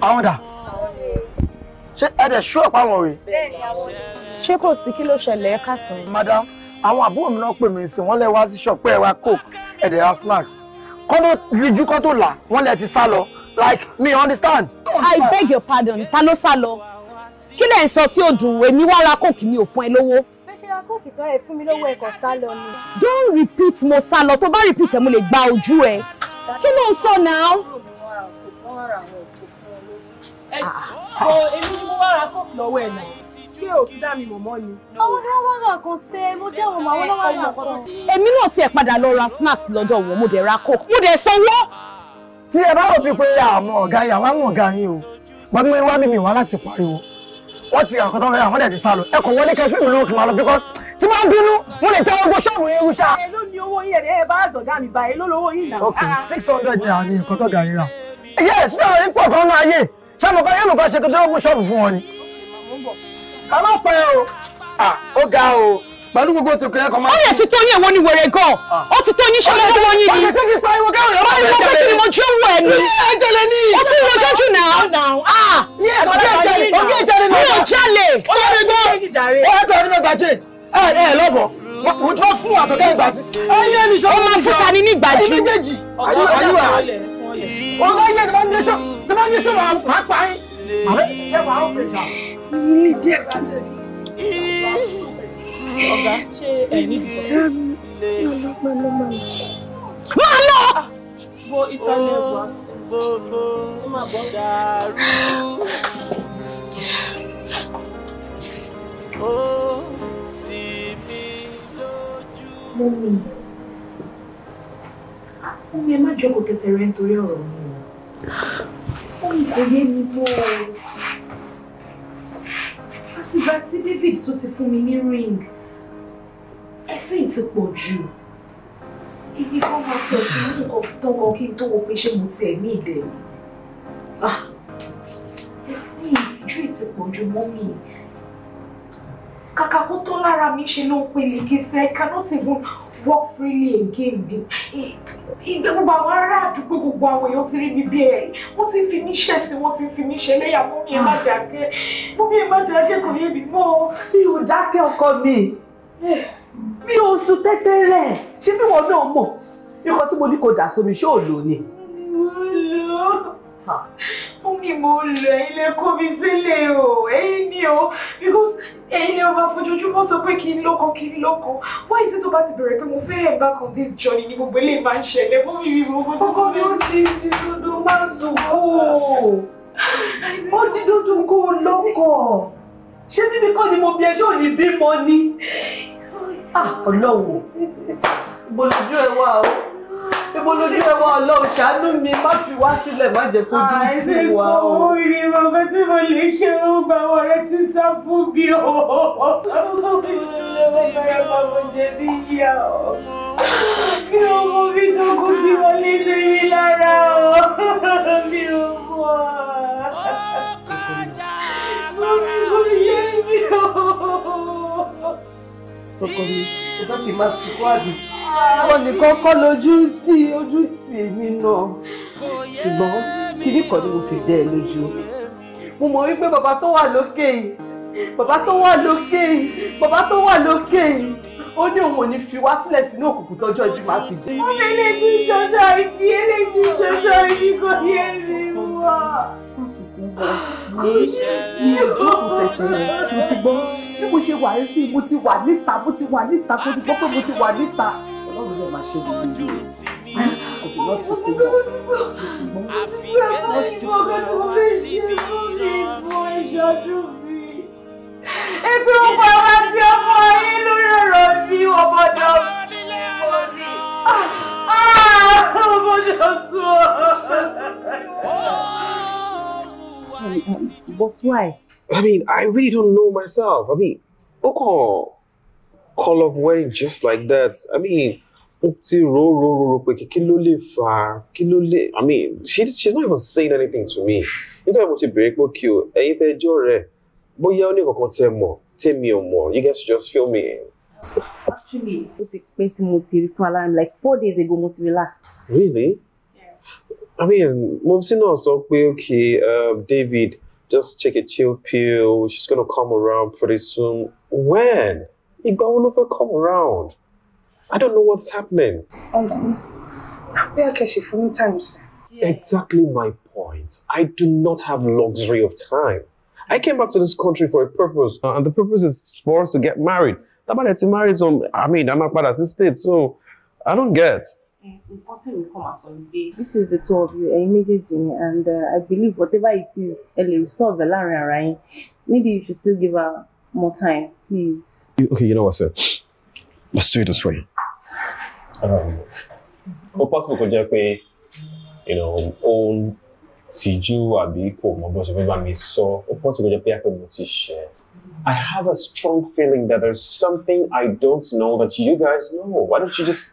àwọn dà ṣé ẹ̀dẹ̀ ṣú ọ̀pá wọn rè. ṣé kò sí kí ló ṣẹlẹ̀ ẹ̀ka sàn. madam àwọn àbúrò mi náà pè mí sí wọ́n lè wá sí ṣọ̀pẹ́ ẹ̀wà coke ẹ̀dẹ̀ ra snacks kọ́ tó yíjú kọ́ tó là wọ́n lè ti sá lọ like me understand. I beg your pardon ta ló sá lọ kí lẹ̀ ń sọ tí ó dùn èmi wá ra coke mi ò fún ẹ lówó ra kóòkì tán ẹ fún mi lówó ẹkọ sá lọ ni. don't repeat mo sá lọ tó bá repeat ẹ mo lè gba ojú ẹ kí ló ń sọ náà. ẹ ọ èmi ni mo wá ra kóòkì lọ́wọ́ ẹ̀ náà kí o fi dá mi mọ̀ mọ́ ni. àwọn náà wọ́n rà kan ṣe mo jẹ́ wọn àwọn náà wọ́n rà kan. èmi náà tiẹ̀ padà lọ ra snacks lọ́dọ̀ wọn mo dẹ̀ ra coke mo dẹ̀ sanwó. tí ẹ bá rò pé àmọ́ ọ̀gá yà wá wọn ọ̀gá yín o gbọ́dọ̀ wá mímì wá láti pariwo wọ́n ti àkọ́kọ́ fẹ́ àwọn dẹ̀ ti sá lọ ẹ kò wọlé kẹfí mi ló lọ because tí máa bínú mo lè tẹ́wọ́ gbọ́ ṣọ́ọ̀bù yẹn rúṣà. èló ni owó yín ẹ̀rẹ́ ẹ bá àzọ̀gá mi bá èló lówó yín náà. ok ah. six hundred naira ni nǹkan tó ga rà. yes ní ọ̀rọ̀ yín kan náà yé ṣọ́ọ̀bù kan yẹ́nu pẹ̀lú gbogbo tòkè ẹ̀kọ́ máa. ó yẹ ti tó yín èwo ni wèrè gan ó ti tó yín ṣé lọ́wọ́ wọn yín ni. báyìí kí pariwo káwọn èèyàn máa ń jẹlẹ ní. báyìí mo jó wọ ẹni. ẹ jẹlẹ ní. ó ti wo jọjú náà. ní ẹ̀sọ́ bẹ́ẹ̀ jẹlẹ ògì ìjẹlẹ náà. mi ò jalè. ó yẹ mi gbọ́ ó yẹ ẹ ẹ lọ́bọ̀ wọ́n fún àtọ̀kẹ́ ìgbà ó máa fún tani ní ìgbà ọgá yẹ ni wọ́n ń yẹsọ ni máa pa á ó ọ̀gá ṣe ẹ̀yìn ìgbà. máa lọ máa lọ. máa ah, lọ. wo ìtàlẹ̀ ẹ̀wà. gbogbo dàrú. ó sì mí lójú. mo mi ó mi ẹ má jókòó tẹtẹrẹ nítorí ọ̀rọ̀ mi o ó mi kò yé mi bó o àtìgbà tí David tó ti fún mi ní ring ẹ̀sìn ti pọ̀ jù ibi kan máa ti ọ̀tún ní nǹkan tó kan kí n tó wo pé ṣé mo tiẹ̀ ní ìdẹ̀ ah! ẹ̀sìn ìtìjú ìti pọ̀ jù mọ́ mi kàkà kó tó lára mi ṣe ló ń pele kí sẹ́ cannot even walk freely again mi ìgbẹ́ gbogbo àwọn ará àdúgbò gbogbo àwọn èèyàn ti rí mi bí ẹ̀ wọ́n ti fi mí ṣẹ̀ sí wọ́n ti fi mí ṣe lẹ́yà mú mi ẹ̀ má dákẹ́ mú mi ẹ̀ má dákẹ́ kò yé mi mọ́. mi ò dákẹ́ ọkọ mi mi ò sùn tẹ́tẹ́rẹ́ ṣé bí wọn náà mọ̀ ikọ̀ tí mo ní kò dà sómi ṣé ò lò ni. mo mi mo lọ ẹ̀yin lè kó mi sílẹ̀ o ẹ̀yin ni o because ẹ̀yin lè ọba fojoojúmọ́ sọ pé kí n lóko kí n lóko why is it tó bá ti bẹ̀rẹ̀ pé mo fẹ́ back on this journey ni gbogbo eléyìí máa ń ṣẹlẹ̀ fún mi ìwé ogun tó kọ́ mi ó ti di dodo máa sùn kó ó ti dodo kó lọ́kọ̀ ṣé bíbí kọ́ ni mo bí ẹ ṣé ò ní bímọ ni. Ah, ọlọ́wọ́ ibo lójú ẹ wá o ibo lójú ẹ wá ọlọ́wọ́ ṣàánú mi má fi wá sílẹ̀ má jẹ́ kójú tì wá o. àìsí kò rí bàbá tí mo lè ṣe ògbà wọn rẹ ti sá fún mi o. bàbá rẹ bá mo jẹ níyà o. mi ò mọ bí tókù tí mo lè ṣe mí lára o. mi ò mọ. mo fi kò yé mi o ọkọ mi ó fẹ́ kí n máa sunkún àbí wọn nìkan kọ́ lójú tí ojú tì mí náà ṣùgbọ́n kíní kan ni mo fi dẹ́ ẹ lójú mo mọ̀ wípé bàbá tó wà lókè yìí bàbá tó wà lókè yìí bàbá tó wà lókè yìí ó ní òun ò ní fi wá sílẹ̀ sínú òkùnkùn tọ́jọ́ ibi máa fi dé. ó lè jọjọ ibi lè jọjọ ibi kò yé mi wá. má sunkún bọ̀ ní ìjókòó tẹ̀tẹ̀ rẹ̀ ṣe ti gbọ́ bí mo ṣe wà sí mo ti wà níta mo ti wà níta mo ti gbọ́ pé mo ti wà níta ọlọ́run lè máa ṣe gbogbo rẹ̀ kò lọ sí fún wọn ṣùgbọ́n mo ti gbọ́ pé mo fẹ́ ṣe lórí ìbò ìṣọ́dún mi. ẹgbẹ́ ọkọ̀ àwọn àti ọmọ yín ló rọrọ̀ bí ọmọdé ọ̀sùn ọmọdé ọ̀sùn. But why? I mean, I really don't know myself. I mean, ó kàn call of wedding just like that. I mean, ó ti ro ro ro ro pé kí ló lè fà kí I mean, she she's not even saying anything to me. Nítorí mo ti bèrè pé kí o ẹ̀yin tẹ́ jọ rẹ bóyá ó me kankan tẹ́ mọ̀ you guys just fill me in. Actually, ó ti pẹ́ mo ti rí like four days ago mo ti rí last. Really? Yeah. I mean, mo ti náà sọ pé okay, uh, David. just take a chill pill. She's going to come around pretty soon. When? Igba will never come around. I don't know what's happening. Uncle, we are catching for many times. Exactly my point. I do not have luxury of time. I came back to this country for a purpose, uh, and the purpose is for us to get married. Tabadet's married, so I mean, I'm not bad assisted so I don't get. Important will come at day. This is the two of you, ẹ̀yin méjèèjì and uh, I believe whatever it is, ẹ lè resolve ẹ̀ right? Maybe you should still give her more time, please. Okay, you know what, sir? Let's do it this way. Um, ó possible kó jẹ́ you know, ó tìjú àbí kò mọ bó ṣe bá mi sọ, ó possible kó jẹ́ pé àpò mo ti ṣe. I have a strong feeling that there's something I don't know that you guys know. Why don't you just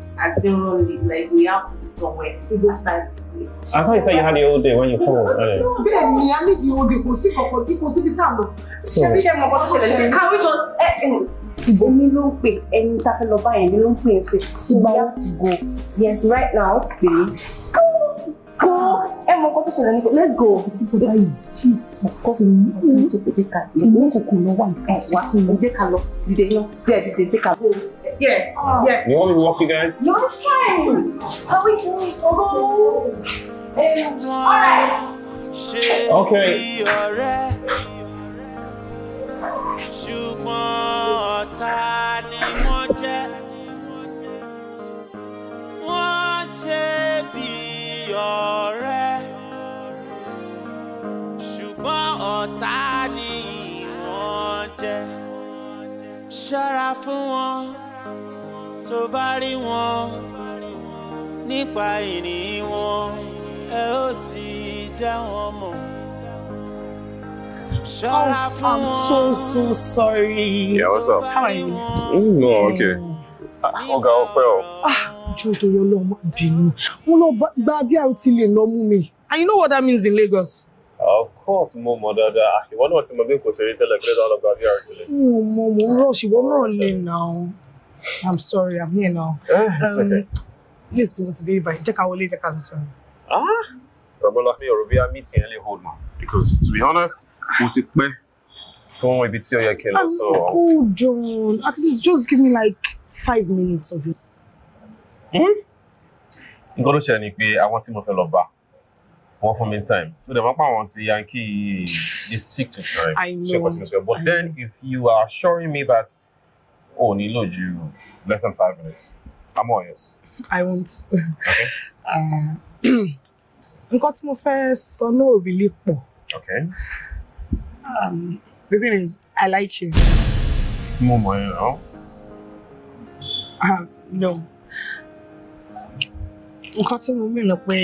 at zero late, like we have to be somewhere aside this place. I thought you said you had the whole day when you called earlier. Eh. No, bẹ́ẹ̀ ni, I need the whole day, kò sí kòkò bí kò síbi tá a Can we just èmi eh, eh, hmm. ló ń pè ẹni tá a fẹ́ lọ bá yẹn mi ló ń pè we have to go yes right now ó ti pè é go ẹ mọ nǹkan tó ṣẹlẹ̀ nípa let's go. báyìí jeez kò sí ọkùnrin tó pété ká ìlú òkùnkùn ló wà nípa ìwà ẹ jẹ́ ká lọ dìde náà díẹ̀ dìde jẹ́ ká lọ. Yeah. Oh. Yes. You want me to walk you guys? No, it's fine. How oh, we doing? Oh. And, all right. Okay. ṣọ́ra fún wọn. tó bá rí wọn nípa ìrìn wọn ẹ ó ti dá wọn mọ̀. Ṣọ́ra oh, fún wọn. I'm so so sorry. Yeah, what's up? How are you? Mm, no, okay. Ah, Ọ̀gá ọpẹ́ o. Jọ tó yọ lọ ọmọ bínú. Wọ́n lọ gba BRT lè lọ mú mi. And you know what that means in Lagos? Of course, mo mọ dáadáa. Ah, ìwọ náà ti mọ bí kò ṣe rí tẹ́lẹ̀ kí ló dá lọ gba BRT lè. Mo mọ mo ń rọ̀ ṣùgbọ́n mo rọ̀ lè nà án. I'm sorry, I'm here now. Uh, it's um, okay. Yes, what today, but check our later concern. Ah, Rabola, mi ò rò bóyá meeting really hold now. Because to be honest, mo ti pẹ́ fún ibi tí ó yẹ kí n lọ. So, hold on. At least just give me like five minutes of it. Hmm? Nǹkan tó ṣẹlẹ̀ ni pé àwọn tí mo fẹ́ lọ bá wọ́n fún mi time. So, dẹ̀ máa pa àwọn ti Yankee, they stick to time. I know. But then, if you are assuring me that ò nílò ju less than five minutes how more years. I won't. Okay. Uh, nǹkan tí mo fẹ́ sọ náà really pọ̀. Okay. Um, the thing is, I like you. Mo mọ̀ ẹ́ náà. Um, uh, no. Nǹkan tí mo mìíràn pé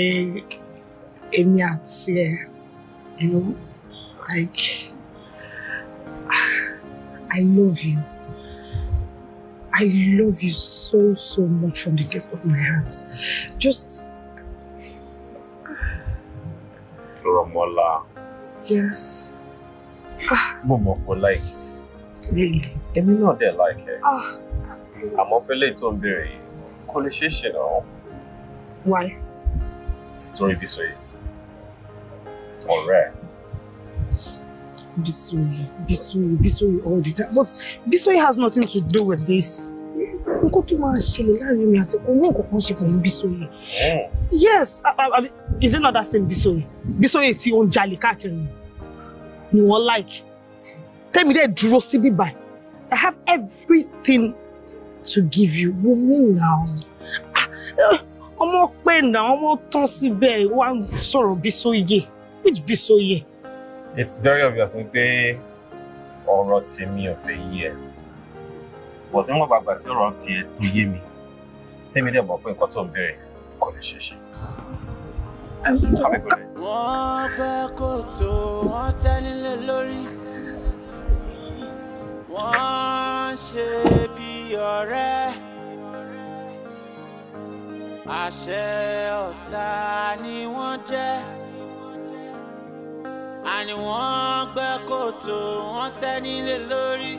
èmi àti ẹ̀, you know, like, I love you. I love you so, so much from the depth of my heart. Just... Romola. Yes. Momo, ah. but like... Really? Èmi náà dẹ̀ like ẹ. Ah. Àmọ́ fẹ́lẹ̀ tó ń béèrè yìí, kò lè ṣeé ṣe náà. Why? Torí Bísọ̀yé. Ọ̀rẹ́ Bisoyi, Bisoyi, Bisoyi all the time. But Bisoyi has nothing to do with this. Nǹkan tó máa ṣẹlẹ̀ láàrin mi àti owó nǹkan ṣe pẹ̀lú Bisoyi. Yes, I, I, I, is it not that same Bisoyi? Bisoyi tí ó ń jalè káàkiri ni wọ́n like. Tẹ́mi dẹ̀ dúró síbí by. I have everything to give you. Wo mi now? Ah, ọmọ pé náà, ọmọ tán síbẹ̀, wá sọ̀rọ̀ Bisoyi. Which Bisoyi? it's very obvious pé ọ̀rọ̀ tèmi ò fẹ́ yé ẹ bọ̀ tí wọ́n gbàgbà tí ọ̀rọ̀ tiẹ̀ tó yé mi tèmi dẹ̀ mọ̀ pé nǹkan tó ń bèrè kò lè ṣeé ṣe. wọ́n kó tó wọ́n tẹ́lẹ̀ lórí wọ́n ṣe bí ọ̀rẹ́ àṣẹ ọ̀tá ni wọ́n jẹ́ àní wọ́n gbẹ́ kòtò wọ́n tẹ́ nílé lórí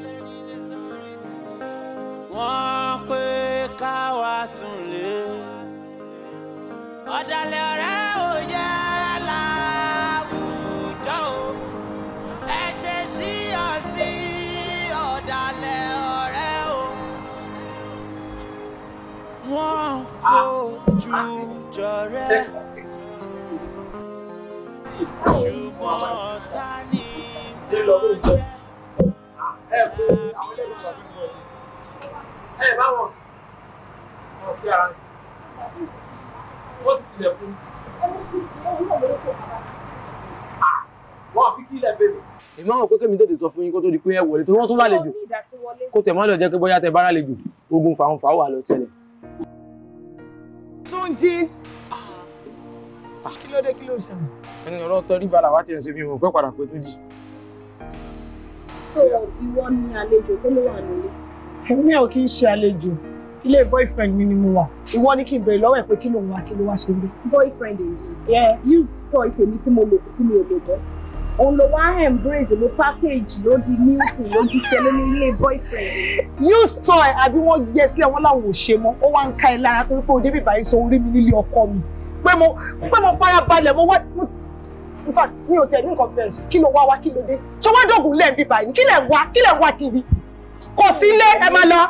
wọ́n pé káwa sùn lé ọ̀dàlẹ̀ ọ̀rẹ́ ò yẹ láwùjọ o ẹ ṣe sí ọ̀sìn ọ̀dàlẹ̀ ọ̀rẹ́ o wọ́n fojú jọrẹ́ ṣùgbọ́n àwọn kékeré mi tètè sọ fún yín kó tó di pé ẹ wọlé tó wọ́n tún lálejò kó tẹ̀ mọ́lẹ̀ jẹ́ pé bóyá tẹ bá lálejò ogun fàáhùn fàáhùn àlọ́ ṣẹlẹ̀. túnjí Ah, kí ló dé kí ló ṣe. ẹni ọ̀rọ̀ tẹrí balà wá ti ẹ̀ ṣe fi hàn padà pé tó jì. so ìwọ ni àlejò tó ló wà nílé. èmi ò kí ń ṣe àlejò ilé boyfriend mi ni mo wà ìwọ ní kí n bèrè lọ́wọ́ ẹ̀ pé kí ló ń wá kí ló wá ṣe rí. boyfriend èyí used toy tèmi tí mo lò tí mi ò lò mọ́ òun ló wá embrace ló package ló di new thing lójú tẹ́lẹ̀ ní ilé boyfriend. used toy àbí wọ́n gbé sílẹ̀ wọ́n làwọn ò ṣe mọ́ ó wá ń ka ẹ̀ lára torí pé òde bíbá yìí sọ orí mi nílé ọkọ mi pé mo pé mo fara balẹ̀ mo wá in fact mi ò tiẹ̀ ní nǹkan bẹ̀rẹ̀ sí kí ló wá wá kí ló dé ṣé wá dọ̀gùn lẹ́ẹ̀ bíbá yìí kí lẹ̀ wá kí lẹ̀ wá kiri kò sí ilé ẹ máa lọ.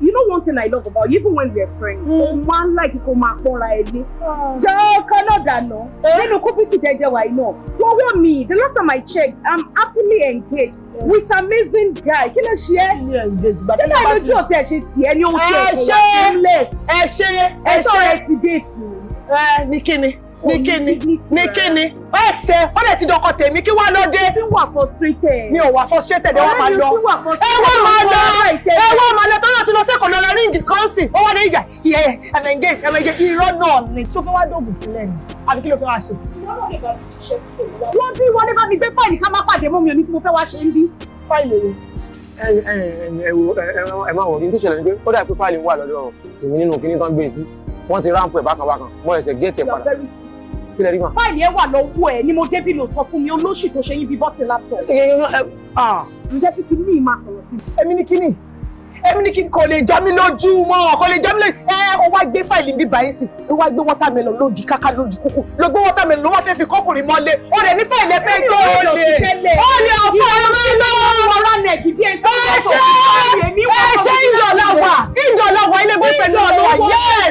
you know one thing i love about you even when we are friends o máa ń láìkí kó máa pọ́nra ẹni. Hmm. jọ kánádà náà eh? nínú kópítì jẹjẹ wa iná wọ́n wọ́n mi the last time i checked i'm happily engaged hmm. with amazing guy kí ló ṣe é. nígbà lójú ọ̀tẹ̀ ṣe tiẹ̀ ní ohun tí ẹ̀kọ́ wa ẹ̀ ṣe ẹ̀ ṣe ẹ̀ tọ́ ẹ̀ ti dé tì í ẹ ní kíni ní kíni ní kíni ó ẹsẹ ó lè ti dọkọ tèmi kí wá ló dé. mi wà frustrated. mi ò wà frustrated ẹ wá máa lọ ẹ wá máa lọ ẹ wá máa lọ tọ́lá ti lọ sẹ́kọ̀ọ́ lọ́la ríǹgì kọ́ńsì ó wá ní ìyà ìyẹ ẹ̀mẹ̀ǹgẹ̀ ẹ̀mẹ̀ǹgẹ̀ irọ́ náà ni tó fẹ́ wá dògùn sílẹ̀ ni àbí kí ló fẹ́ wá ṣe. wọ́n bí wọlé bá mi gbé fáìlì ká má pàdé mọ́ mi òní tí mo fẹ́ wá ṣe ń bí. fáìlì wo ẹ ẹ ẹ ẹ má wọ wọ́n ti ráǹpù ẹ̀ bákanbákan mo ẹsẹ̀ géètì ẹ̀ padà kí lẹ rí ma. fáìlì ẹ wà lọ́wọ́ ẹ ni mo débi lò sọ fún mi olóṣì tó ṣe yín bí bọ́tì laptop. ǹjẹ́ kí kí ni ì máa sọ̀rọ̀ sí i. èmi ni kí ni èmi ní kí n kò lè jọ mí lójú mọ́ kò lè jọ mí lójú ẹ ó wá gbé fáìlì bí báyìí sí ó wá gbé watermelon lòdì káká lòdì kúkú ló gbé watermelon ló wá fẹ́ fi kọ́kùnrin mọ́lé ó lè ní fáìlì ẹ fẹ́ gbé ó lè ó lè ọ̀fọ̀ ọlọ́run ẹ ṣe ìyọ̀lọ́wà ìyọ̀lọ́wà ilé gbọ́sẹ̀ náà lọ́wọ́ yẹ́ẹ̀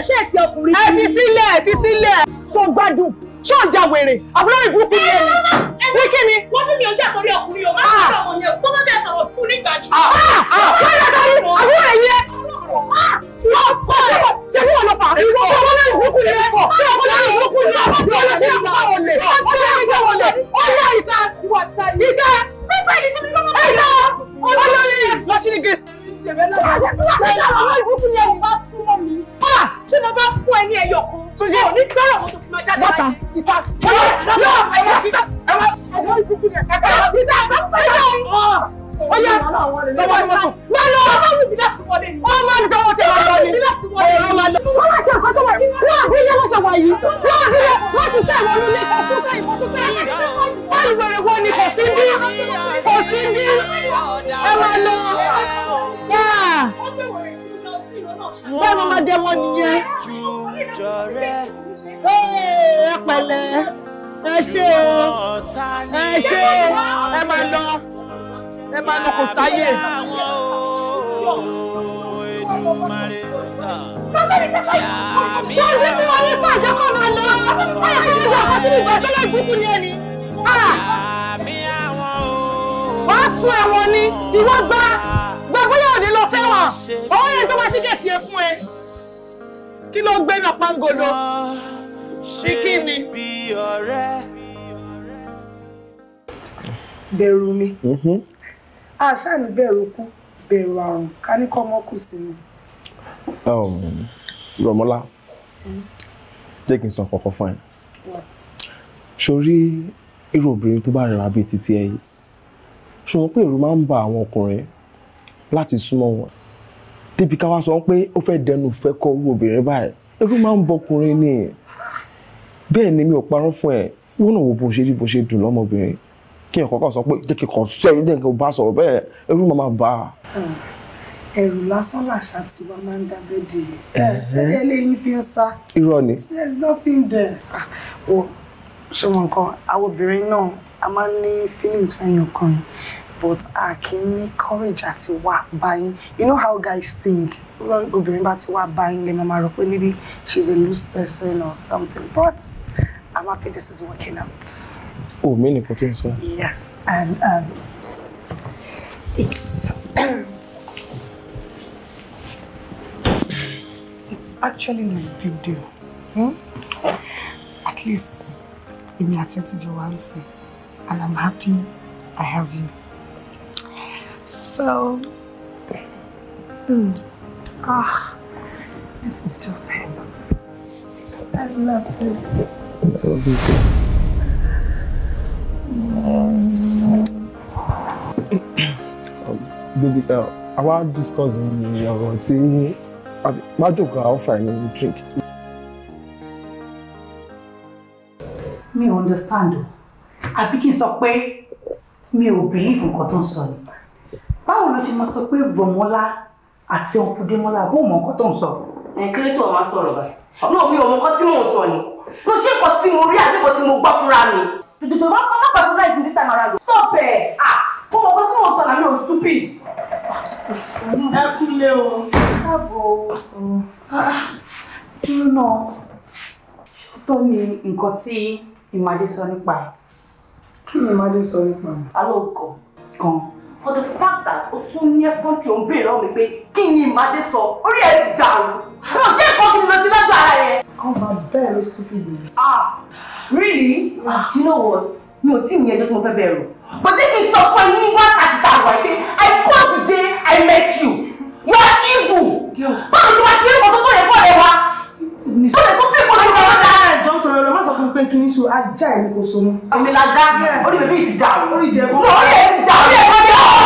ẹ fi sílẹ̀ ẹ fi sílẹ̀ ṣó gbádùn ṣé ọjà wèrè àbúrò ìbúkú ni ẹni ní kí ni. wọ́n ní mi ò jẹ́ àtọ́rí ọkùnrin o máa ah. ń sọ̀rọ̀ ọmọ yẹn kó má bẹ́ẹ̀ sọ̀rọ̀ fún nígbà jù. Ah, ah, wọ́n yà dá yín àbúrò ẹ̀ yẹn. ṣé bí wọn lọ fà á. ọmọdé ìbúkú ni ẹ bọ̀ ṣé ọmọdé ìbúkú ni ẹ bọ̀ ṣé ọmọdé ìbúkú ni ẹ bọ̀ ṣé ọmọdé ìbúkú ni ẹ bọ̀ ṣé ọmọdé ìbúkú ni ẹ bọ̀ ṣé tí mo bá fún ẹ ní ẹyọ kan ṣe ò ní gbọ́rọ̀ mo tó fi máa jáde láyé. bàtà ìta yóò yóò ẹwà síta ẹwà ẹwà ìkúkú ni ẹ̀ka ìta ẹ̀ka ìta ọyá lọ́wọ́ ni mọ́tò má lọ ọmọ mi láti wọlé ni. ọmọ mi kọ́ wọ́n ti wọlé ni ọ̀rọ̀ máa lọ. wọ́n máa ṣe àkọ́tọ̀ wáyé wọ́n àbúyẹ́ lọ́sọ̀ wáyé wọ́n àbúyẹ́ wọ́n ti sẹ́ẹ̀ wọnú ilé kọ́sọ́tà ìmọ́sọ́tà lọ́wọ́ nìyẹn. ẹ pẹ̀lẹ́ ẹ ṣé o ẹ ṣé o ẹ máa lọ ẹ máa lọ kò sáyè. Jọ́sí mi wọlé fún àjọkọ̀ máa lọ. Báyọ̀ kí wọ́n jọ àkọsílẹ̀ ìgbàsọ́lẹ̀ ni ẹni. Wàá sún ẹ̀wọ̀n ni ìwọ gba gbàgbọ́yọ̀ ní lọ sẹ́wọ̀n. Ọwọ́ yẹn tó máa ṣí kẹ̀tì ẹ fún ẹ kí ló gbé náà pangolo ṣí kí ni. bẹ̀rù mi àṣà mm-hmm. ni bẹ̀rù kú bẹ̀rù àrùn ká ní kọ́ ọmọ kù sí mi. Um, rọmọlá hmm. jẹ́ kí n sọ kọ̀ọ̀kan fún ẹ. sórí irú obìnrin tó bá rẹwà bíi títí ẹ yìí ṣùgbọ́n pé èrò máa ń ba àwọn ọkùnrin láti súnmọ́ wọn débi ká wá sọ pé ó fẹ́ dẹnu fẹ́ kọ owó obìnrin báyìí ẹrú máa ń bọkùnrin ni bẹ́ẹ̀ ni mi ò parọ́ fún ẹ wọ́n náà wo bó ṣe rí bó ṣe dùn lọ́mọbìnrin kí ẹ̀kọ́ kan sọ pé jẹ́ kí kàn sẹ́yìn dẹ́n kí o bá sọ̀rọ̀ bẹ́ẹ̀ ẹrú máa bá a. ẹ̀rù lásán làṣà tí wọ́n máa ń dá bẹ́ẹ̀dì yìí eléyìí fi ń sá. irọ́ ni. there is nothing there. Ah, ṣé wọn kan àwọn obìnrin náà a máa ń ní feelings fẹ́yìn ọkàn but I can encourage her to work. Buying, you know how guys think obìnrin bá ti wá báyìí lè máa maybe she's a loose person or something but i'm happy this is working out. Oh, many potential. yes and um, it's it's actually no big deal hmm? at least èmi àti ẹ ti jọ wá ń and i'm happy i have you. So, mm, ah, this is just him. I love this. I love you too. Baby girl, I want to discuss your thing. Má jókòó, I'll find a drink. Me understand o. Àbí kí n me will believe nǹkan tó ń sọ báwo ló ṣe máa sọ pé Rọ̀mọ́lá àti ọkùndémọ́lá bó mọ nǹkan tó ń sọ. ẹ kílé tí wọn máa sọ̀rọ̀ báyìí náà mi ò mọ nǹkan tí mò ń sọ ni mo ṣe nǹkan tí mo rí àdébò tí mo gbọ́ fúnra mi. tòtòtò bá kọ́ má pàdé láì ní time around. stop ẹ̀ à mo mọ nǹkan tí mò ń sọ làmì ò stupid. ẹ o. káàbọ̀ o. dúró náà tó ní nǹkan tí ìmàdé sọ nípa ẹ̀. kí ni ìmàdé sọ nípa ẹ̀. alóòkọ̀ gan-an for the fact that o tún ní ẹfọ́ntì òun béèrè lọ́wọ́ mi pé kí ni ìmàdé sọ orí ẹ̀ ti dàrú mi ò ṣe é kọ́ kí ni lọ ara yẹn. àwọn bàbá ẹ ló stupid mi. ah really ah. you know what mi ò tí ì ní ẹjọ́ tí mo fẹ́ bẹ̀rù but this is so fun ní wákàtí tá a wà pé i call today i met you you are evil. báwo ni wàá ti rí ọdún tó yẹ fún ọ̀rẹ́ wa tó lè tó fi kọ́ lórí ọ̀rẹ́ wa. ẹjọ́ tọrọ lọ má sọ fún pé kí ní sùn ajá ẹ̀ ní kò so mú. èmi la já orí bèbí ti dàrú orí ẹ̀ ti dàrú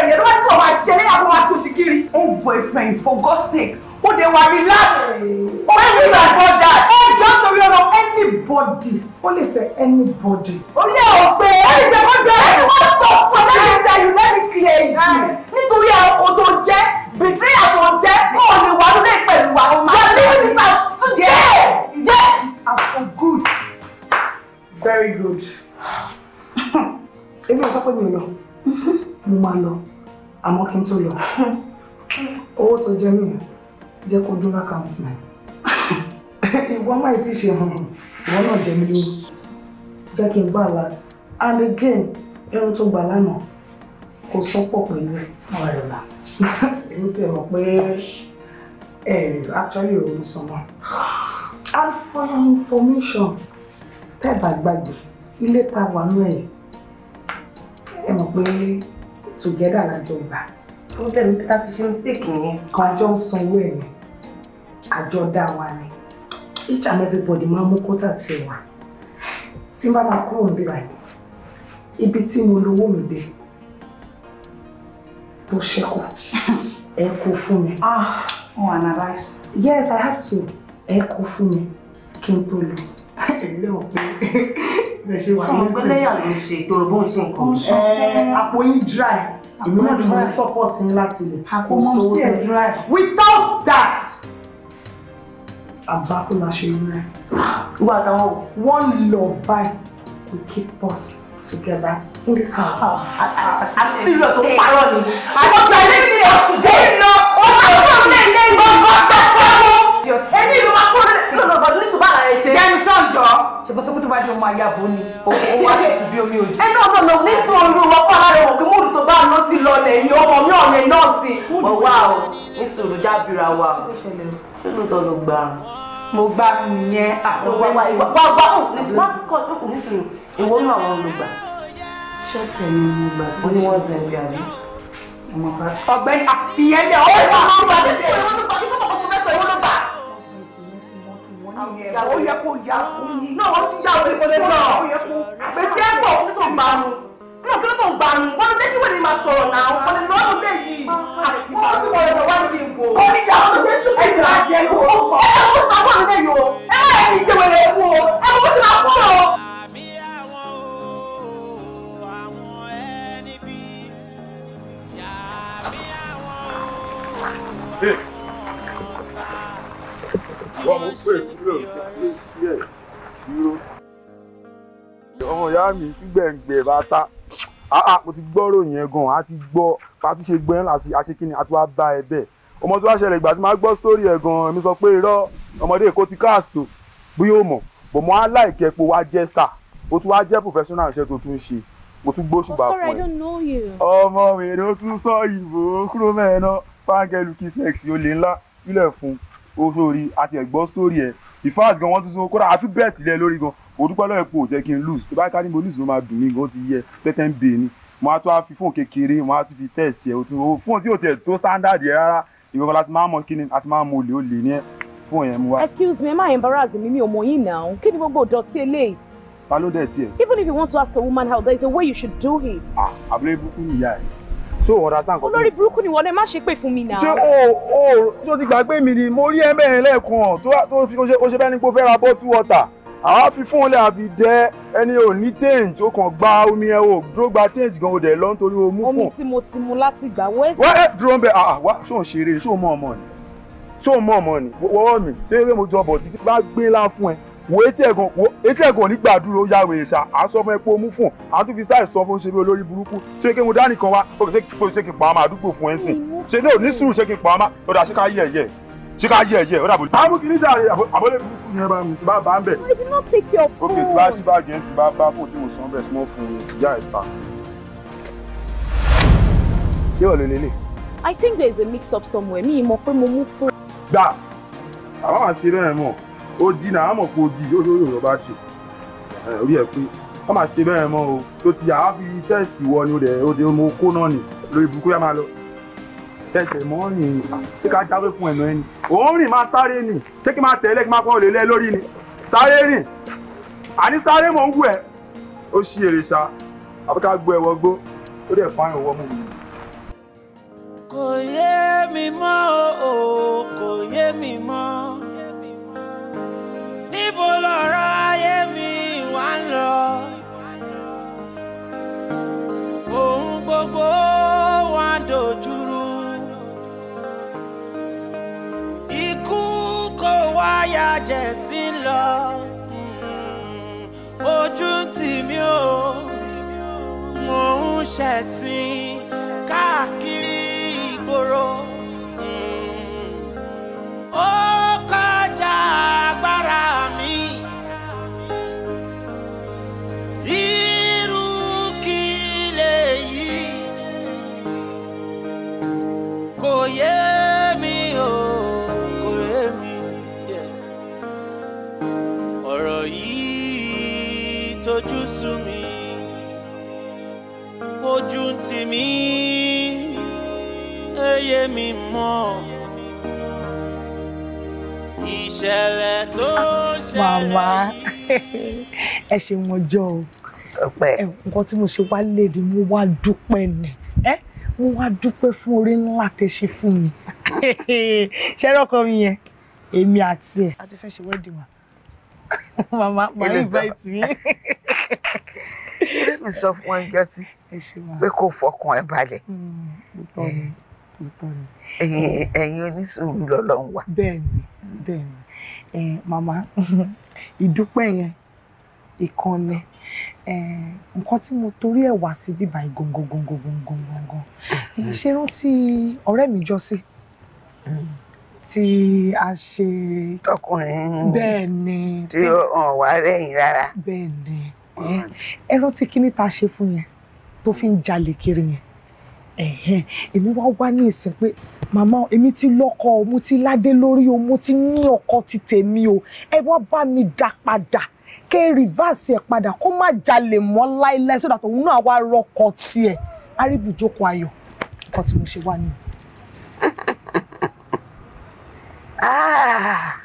boyfriend ló wá ní kò ṣe léyà kó máa tún sí kiri. ex oh, boyfriend for God's sake ó de wa relax. ó ní ìgbà bọ́dà. ẹ jọ torí ọ̀rọ̀ anybody ó lè fẹ́ anybody. orí ẹ̀ ò pé ó lè fẹ́ bọ́dà ẹ̀ ó sọ fún ẹ lẹ́yìn ìta you let me clear you. nítorí ẹranko tó jẹ́ bìtíríà tó jẹ́ ó lè wà lórí pẹ̀lú wa. wà lórí nípa jẹ́ jẹ́ àfọ good very good. èmi ò sọ pé mi ò lọ. mo máa lọ àmọ́ kí n tó lọ owó tó jẹ mí jẹ́ kó dúró àkáǹtì mi ìwọ máa ti ṣe hàn ìwọ náà jẹ mí lówó jẹ́ kí n gbà láti and again ẹrù tó gbà lánàá kò sọ́pọ̀ pẹ̀lú ọ̀rẹ́là èmi ti mọ̀ pé actually òun sọmọ and for your information tẹ́ bá gbàgbé ilé ta wà nú ẹ̀yìn ẹ mọ̀ pé together lájọ gbà. problem peter ti ṣe mistake yẹn. àjọ ń sanwó ẹ̀ ni àjọ dá wa ni each and everybody máa mú kótà tiẹ̀ wá tí n bá máa kúrò níbí báyìí ibi tí mo lówó mi dé tó ṣẹ́kù ẹ kó fún mi. ah oh analyse. yes i have to ẹ kó fún mi kí n tó lọ. ẹ lọ́ọ̀ pé ṣe wà ní ìsìn ọ̀gbẹ́lẹ́yà ló ṣe ìtòrò dry support yín láti lè. àpò mọ́ sí dry. without that àbákò la ṣe rí rẹ̀. ìwà àtàwọn one love vibe will keep us together in this house. Ah, ah, ah, I'm serious o parọ́ ni. àdókè ẹlẹ́bí ni ọ̀sùnjẹ́ iná ó máa ń fún mi ní gbọ́ngbọ́n gbàgbọ́. ẹni ìlú máa kó lọ́nà ọ̀gbọ̀n ní ṣùgbọ́n àlàyé ṣe tẹ̀sán jọ. ṣùgbọ́n sọ pé bá di ọmọ ayabo ni owó wà lẹ́tù bí omi òjò. ẹ náà sọ̀nà ní sùúrù wọ́n fún aláàrẹ̀ wò pé múlù tó bá lọ ti lọ lẹ́yìn ọmọ mi ọ̀rẹ́ náà sí. wọ́n wá o ní sùúrù jábìra wa o. ṣé ló tọ́ gbà? mo gbà nìyẹn àtọwọ́ wa ìwà wá wá kù ní sùúrù ìwọ náà wọn ló gbà. ṣọ́ọ̀tì ẹ̀ ni mo ó ní one twenty àbí. ọ̀gbẹ́ni àfiyẹ́lẹ̀ ó yẹ kó ya náà wọ́n ti ya òbí kọ́lé náà gbèsè ẹ̀ kí ló tó ń gbanu náà kí ló tó ń gbanu wọ́n ti jẹ́ kí wọ́n lè máa sọ̀rọ̀ náà wọ́n lè lọ́ọ́ lóde yìí ah, wọ́n ti wọ̀ lọ́wọ́ ní ìbò. ó ní ìyá wọn ṣe tún bẹ̀rẹ̀ àjẹ ló ń bọ̀. kó sábà lóde yìí ẹ má yẹ kí ìṣe wẹ̀rẹ̀ fún o ẹ kó sì máa fún o. Hey ọmọ mo pè kúrò ní sí ẹ̀ dúró. ọmọ ìyá mi gbẹ̀ngbẹ̀ bàtà ah, ah, mo ti gbọ́ ròyìn ẹ̀ gan-an a ti gbọ́ pàtó ṣe gbẹ́rẹ́ láti aṣekínni àti wàá bá ẹ bẹ́ẹ̀ ọmọ tó wá ṣẹlẹ̀ ìgbà tí máa gbọ́ sítórì ẹ̀ gan-an mi sọ pé irọ́ ọmọdé èkó ti káàsìtò bí yóò mọ̀ bọ̀ mọ́ aláìkẹ́ pé wá jẹ́ star ó tún wá jẹ́ professional iṣẹ́ tó tún ṣe mo tún gbóṣùbà oh, fún ẹ ọmọ mi ló tún sọ ìbò kúrò mẹ́ẹ̀ẹ́ná fáńgẹ́lù kí sẹ́ẹ̀sì olè ńlá sílẹ̀ fún un ó sórí àti ẹ̀gbọ́ sórí ẹ̀ ìfáàs gan wọ́n tún sún kódà àtún bẹ́ẹ̀tì lẹ́ lórí gan mo dúpẹ́ lọ́wọ́ epo ò jẹ́ kí n lose tó bá ká ní mo lose ló máa dùn mí gan ti yẹ tẹ́tẹ́ ń bè ni mo á tún á fi fóònù kékeré mo á tún fi test ẹ̀ fóònù tí ò tiẹ̀ tó standard yẹ rárá ìgbọ̀ngàn láti máa mọ kí ni àti máa mọ olè olè ní ẹ fóònù yẹn mu wá. excuse me ẹ má embarrass mi mi ò mọ yín náà kí ni gbogbo ìdọ̀tí eléyìí. ta ló dẹ̀ tiẹ̀. even if you want to ask a woman how there is a way you should do it. ah àbúlé ibùkún nìyá ẹ̀ ṣé òun ra sáǹkan. olórí burúkú ni wọlé má ṣe pè fún mi náà. ṣé o o ṣé o ti gbàgbé mi ni mo rí ẹ̀mẹ́rin lẹ́ẹ̀kan tó fi o ṣe bẹ́ẹ̀ ni pé o fẹ́ ra bọ́tú wọ́tà àwa fi fún ọlẹ́ àfi dẹ ẹni ò ní change ó kàn gba omi ẹ o dúró gba change gan o dẹ̀ lọ nítorí o mú fún. omi tí mo ti mu láti gbà wọ́n ẹ̀sìn. wẹ́ẹ́ dúró ń bẹ àwa ṣé òun ṣeré ṣé òun mọ̀ ọmọ ni ṣé òun mọ̀ ọmọ ni wọ́wọ́ mi ṣé eré mo jọ bọ̀ títí bá gbé ńlá fún ẹ wo etí ẹ̀gàn wo etí ẹ̀gàn nígbà dúró ya wèrè ṣá à ń sọ fún ẹ mú fún à ń tún fi sáì sọ fún ṣe bí olórí burúkú ṣé kí mo dání kan wá ó ṣe kí ṣe kí n pa ọmọ àdúgbò fún ẹ sìn ṣe ní òní sùúrù ṣe kí n pa ọmọ ó dà ṣe ká yẹ ẹyẹ ṣe ká yẹ ẹyẹ ó dà bòlí. báwo kìíní sáré àbọ̀lé burúkú ni bá mi bá bá ń bẹ̀. I did not take your phone. okay tí bá ṣí báàgì ẹ̀ ti bá bá fún tí mo sàn bẹ̀ small fún mi ìyá ẹ̀ pa. I think there is a mix up somewhere mi ì mọ̀ pé mo mú fún. gbà àbá máa ṣe bẹ́ẹ̀ ó di náà àmọ̀ kó di olórí Yorùbá ṣe orí ẹ̀ pé wọ́n máa ṣe bẹ́ẹ̀ mọ́ o tó ti àá fi tẹ́ẹ̀sì wọ ni ó dẹ̀ ó dẹ̀ mo kó náà nì lórí ibùkún yà máa lọ tẹsẹ̀ mọ́ ni ṣé ká jáwé fún ẹ̀nà ẹni òun rìn máa sáré nì ṣé kí máa tẹ̀lé kí máa pọ́n lélẹ̀ lórí ni sáré rìn àní sáré mọ̀ ń wù ẹ́ ó ṣí èrè ṣá àbúkà gbọ́ ẹ̀wọ̀ gbó ó dẹ̀ fáyìn ọwọ́ mú mi. kò yé mi mọ́ o kò yé mi mọ́ níbo lọ̀rọ̀ ayé mi wà ń lọ. ohun gbogbo wá dojúrú. ikú kò wáyà jẹ̀ sí lọ. ojú tì mí o mò ń ṣẹ̀sìn káàkiri ìgboro. ó. fojú tì mí èyẹ mi mọ̀ ìṣẹ̀lẹ̀ tó ah, ṣẹlẹ̀. màmá ẹ ṣe wọn jọ o nǹkan tí mo ṣe wá léde mo wá dúpẹ́ ni mo wá dúpẹ́ fún oore ńlá tẹ́ ṣe fún mi ṣẹ́rọ̀ kan mi yẹn èmi àti ẹ̀ a ti fẹ́ ṣe wedding wa Mama, màá invite mi. ilé mi sọ fún wọn jọ sí pé kò fọkàn ẹ balẹ̀. Mm, ẹ̀yin onísùúrù lọ́lọ́run wà. bẹ́ẹ̀ni bẹ́ẹ̀ni màmá ìdúpẹ́ yẹn ìkànnì nǹkan tí mo torí ẹ̀ wá sí bíbá ìgangangangangangangan ṣé rántí ọ̀rẹ́ mi jọ sí tí a ṣe. tọkùnrin bẹ́ẹ̀ ni. tí ó hàn wá rẹ̀yìn rárá. bẹ́ẹ̀ ẹ rántí kí ni ta ṣe fún yẹn tó fi ń jalè kiri yẹn ẹ̀hẹ́n èmi wá wá ní ìsìn pé màmá èmi ti lọ́kọ o mo ti ládé lórí o mo ti ní ọkọ ti tèmi o ẹ wá bá mi dá padà ké rìvásì ẹ̀ padà kó má jalè mọ́ láéláé sódà tòun náà wá rọ́kọ tiẹ̀ àríbùjókòó ayọ̀ nǹkan tí mo ṣe wá nìyí. Ah!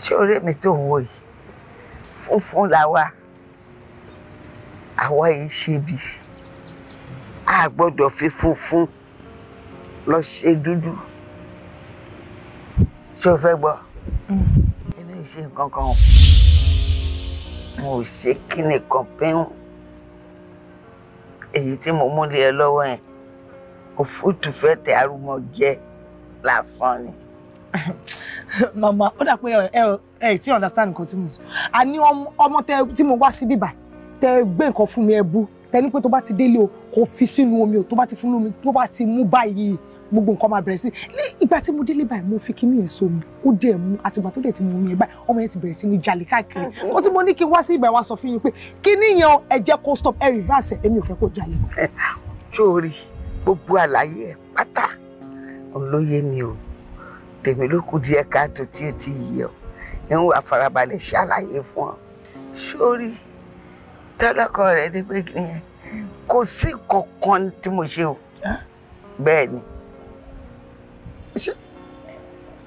ṣé orí mi tó ń wò yìí funfun làwa àwa yìí ṣe bí a gbọ́dọ̀ fi funfun lọ ṣe dúdú ṣé o fẹ́ gbọ́ mm. èmi ò ṣe nǹkan kan o mo ò ṣe kíni kan pẹ́hùn èyí tí mo mú lé ẹ lọ́wọ́ yẹn òfútùfẹ́ tẹ arúmọ jẹ lásán ni. mama ó dà pé ẹ ẹ tí understand nǹkan tí mo sọ a ní ọmọ tí mo wá síbí báyìí tẹ gbé nǹkan fún mi ẹ bú tẹ ní pé tó bá ti délé o kò fi sínú omi o tó bá ti fún omi tó bá ti mú báyìí gbogbo nǹkan máa bẹ̀rẹ̀ sí ní ìgbà tí mo délé báyìí mo fi kíní ẹ̀ so mu ó dẹ̀ mu àtìgbà tó dẹ̀ ti mu mi ẹ̀ báyìí ọmọ yẹn ti bẹ̀rẹ̀ sí ní jalè káàkiri mm-hmm. ó ti mo ní kí n wá sí ìgbà wa sọ fún yín pé kíní yẹn ẹ jẹ́ kó stop ẹ reverse ẹ̀ èmi ò fẹ́ kó jalè. sórí gbogbo àlàyé ẹ pátá olóyè mi o tèmi ló kù díẹ̀ káàtó tí ó ti yẹ ọ ń wà farabalẹ̀ ṣàlàyé fún ọ sórí tọ́lọ́kọ rẹ̀ ní pé kí yẹn kò sí kankan tí mo ṣe o bẹ́ẹ̀ ni.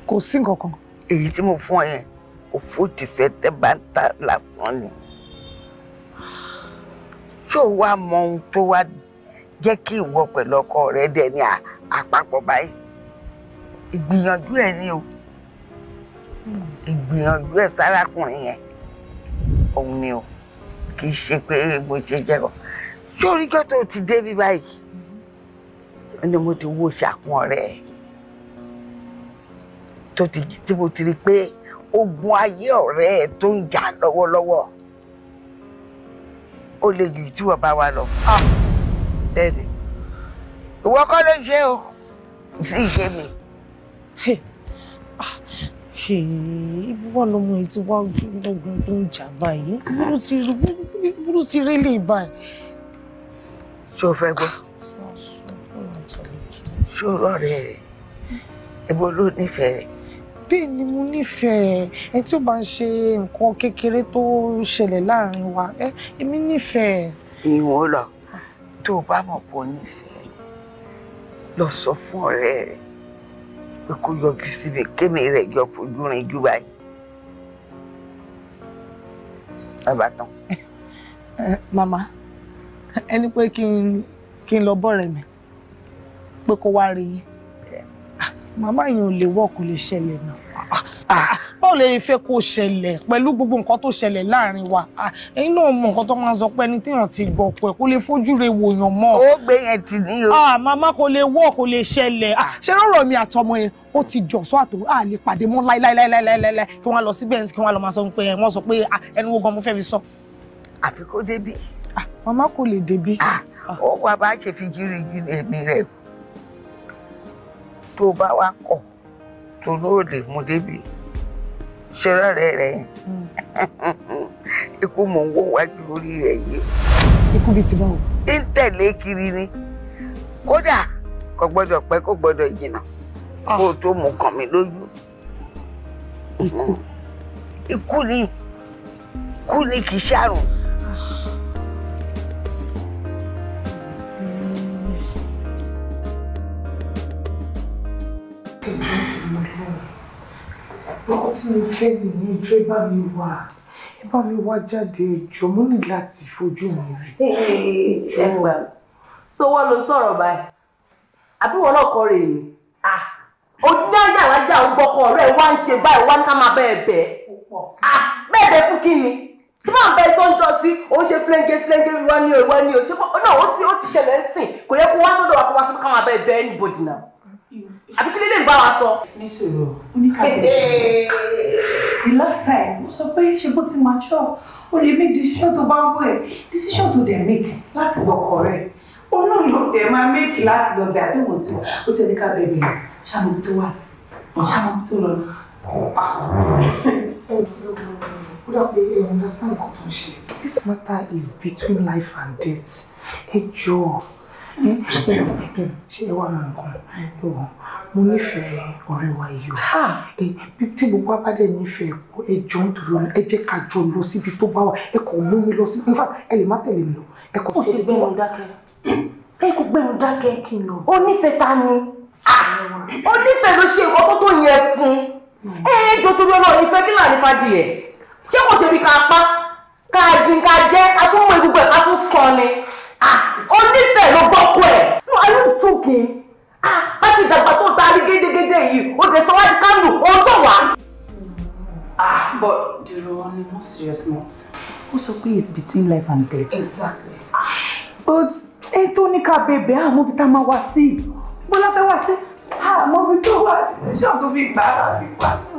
kò sí nǹkankan. èyí tí mo fún ẹ yẹn òfò tìfẹ́ tẹ́ bá ń ta lásán ni. ṣé o wá mọ ohun tó wá jẹ́ kí ìwọ pẹ̀lú ọkọ rẹ dẹ̀ ní àpapọ̀ báyìí ìgbìyànjú ẹ ni o ìgbìyànjú ẹ sárakùnrin yẹn òun ni o kì í ṣe pé mo ṣe jẹ́ kọ́ sórí gbọ́ tó ti dé bí báyìí ni mo ti wo ṣàkun rẹ̀ tó ti tí mo ti rí i pé ogun ayé ọ̀rẹ́ ẹ̀ tó ń jà lọ́wọ́lọ́wọ́ ó lè jù tí wọ́n bá wa lọ. Ah! bẹ́ẹ̀ ni ló ń ṣe o sí ìṣe mi ibi wà lọmọ yìí ti wá ojú lọ́gbọ̀n tó ń jà báyìí búrú ti rí búrú ti rí lè báyìí. ṣé o fẹ́ gbọ́? ṣòro ọ̀rẹ́ rẹ̀ ẹ̀bọ ló nífẹ̀ẹ́ rẹ̀. bẹ́ẹ̀ ni mo nífẹ̀ẹ́ ẹ tí ó bá ń ṣe nǹkan kékeré tó ṣẹlẹ̀ láàrin wa ẹ èmi nífẹ̀ẹ́. ìwọ̀n lọ tó o bá mọ̀ pé nífẹ̀ẹ́ lọ sọ fún ọ̀rẹ́ rẹ̀ pé kó yọjú síbi kémi rẹ̀ jọ fojú rìn jù báyìí. bàbá tán. màmá ẹni pé kí n kí n lọ bọ́rẹ̀ mi pé kó wá rí yín ah, màmá yẹn ò lè wọ̀ lè ṣẹlẹ̀ náà. Ah, ah, báwo lè fẹ́ kó ṣẹlẹ̀ pẹ̀lú gbogbo nǹkan tó ṣẹlẹ̀ láàrin wa ẹ̀yin náà mọ nǹkan tó máa ń sọ pé ẹni téèyàn ti gbọ́ pé kó lè fojú re wòyàn mọ́. ó gbé yẹn tì ní o. màmá kò lè wọ́ kò lè ṣẹlẹ̀ ṣé rọ̀rọ̀ mi àtọmọ yẹn ó ti jọ sọ àtò à lè pàdé mọ́ láíláíláíláíláí kí wọ́n lọ sí bẹ́ẹ̀nsì kí wọ́n lọ máa sọ pé wọ́n sọ pé ẹnu wo gan mo fẹ́ fi sọ. àfi kó débi. màmá kò lè débi. ó wà bá ṣe fi jírí jírí èmi rẹ̀ tó bá wa kọ̀ tó lóòlè mú débi ṣọ́ra rẹ̀ rẹ̀ ikú mò ń wò wájú orí rẹ̀ yìí. ikú bíi ti báwo. ń tẹ̀lé kiri ni kódà kò gbọ́dọ̀ pẹ́ kò gbọ́dọ̀ jìnnà ah. kó o tó mú kàn mí lójú. ikú hmm. ni ikú ni kì í ṣàrùn. Thank ah. you ọkọ tí mo fẹ́ nìyẹn ìjọ ẹ bá mi wà ẹ bá mi wá jáde ìjọ mo ní láti fojú mi rí. ẹ eh, gbà eh, eh, so wọ́n lọ sọ̀rọ̀ báyìí àbí wọn náà kọ́ rè é ojú ọjà alájà ń gbọ́kọ̀ ọ̀rẹ́ wa ń ṣe báyìí wá ní ká máa bẹ́ẹ̀ bẹ́ẹ̀ ah, bẹ́ẹ̀ bẹ́ẹ̀ fún kí tí máa bẹ sọ́njọ́ sí ó ṣe fúlẹ́ńgé fúlẹ́ńgé wá ní o wá ní o ṣé náà ó ti ṣẹlẹ̀ ń sìn kò yẹ kó wá sọ́dọ̀ wá kó wá síbi ká máa bẹ́ẹ̀ bẹ́ẹ̀ ní bòdì náà àbí kí lélẹ̀ ń bá wa sọ. nítorí o the last time mo sọ pé ṣe bó ti mature o lè make decision tó bá wọ ẹ decision tó dẹ̀ make láti gbọ́kọ̀ rẹ̀ ó náà ló dẹ̀ máa make láti lọ bẹ̀ àbí wọ́n ti wà ó ti ẹni ká bẹ̀bẹ̀ ṣàmù tó wà ṣàmù tó lọ. ó dà pé ẹ understand nǹkan tó ń this matter is between life and death Hey Joe ṣé ẹ wà nǹkan ẹwọ mo nífẹ̀ẹ́ ọ̀rẹ́ wa yìí o tí gbogbo wa nífẹ̀ẹ́ kó ẹ ń dúró ẹ jẹ́ ká jọ lọ síbi tó bá wà ẹ kò mú mi lọ sí in fact ẹ lè má tẹ̀lé mi lọ ẹ kò fẹ́ gbẹ́ mi dákẹ́ ẹ kò gbẹ́ mi dákẹ́ kí n lọ ó nífẹ̀ẹ́ ta ni ó nífẹ̀ẹ́ ló ṣe ìwọ tó tó yẹ fún ẹ ẹ jọ torí ọlọ́run ìfẹ́ kí láàrin fàdí ẹ ṣé kò ṣe bí ká pa ká dín ká jẹ́ ká tún mọ ìgbùgbọ̀ ká tún sọ ni ó ah, nífẹ̀ẹ́ ló gbọ́ pọ̀ ẹ̀ no are you joking ah bá ti dàgbà tó ta rí gédégédé yìí ó dé sọ wá di kánú ó tọ̀ wá. ah but dúró on a serious note. ó sọ pé it's between life and death. exactly. but ètò oníkà bèbè àmọ́ bí tá a máa wá sí bọ́lá fẹ́ wá sí àmọ́ bí tó wá ṣíṣàn tó fi gbà fi pa.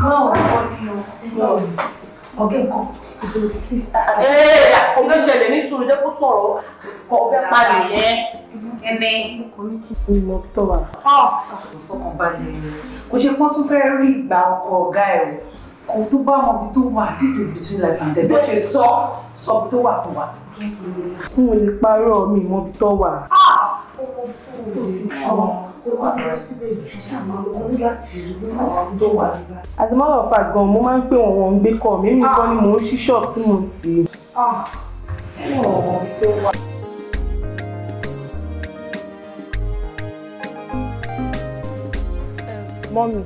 Kọ́ ọ̀pọ̀ ni o. Ọ̀gẹ́ kan. Ee, àkókò ṣẹlẹ̀ ní sùúrù jẹ́ kó sọ̀rọ̀ kọ́ fẹ́ palè yẹn. Ẹnẹ. Mo tọ́ wa. Ọ̀ fọkàn balẹ̀ kò ṣe pọ́n tún fẹ́ rí ìgbà ọkọ̀ ọ̀gá ẹ̀ o. Kò tó bá ọmọ mi tó wà this is between life and death. Bó ṣe sọ sọ tó wà fún wa. N ò lè parọ́ mi, mo tọ́ wa. Ah! as a matter of fact gan mo máa ń pè wọn wọn ń gbé kọ mi mi kọ́ ni mò ń ṣí shop tí mo ti. mọ́mì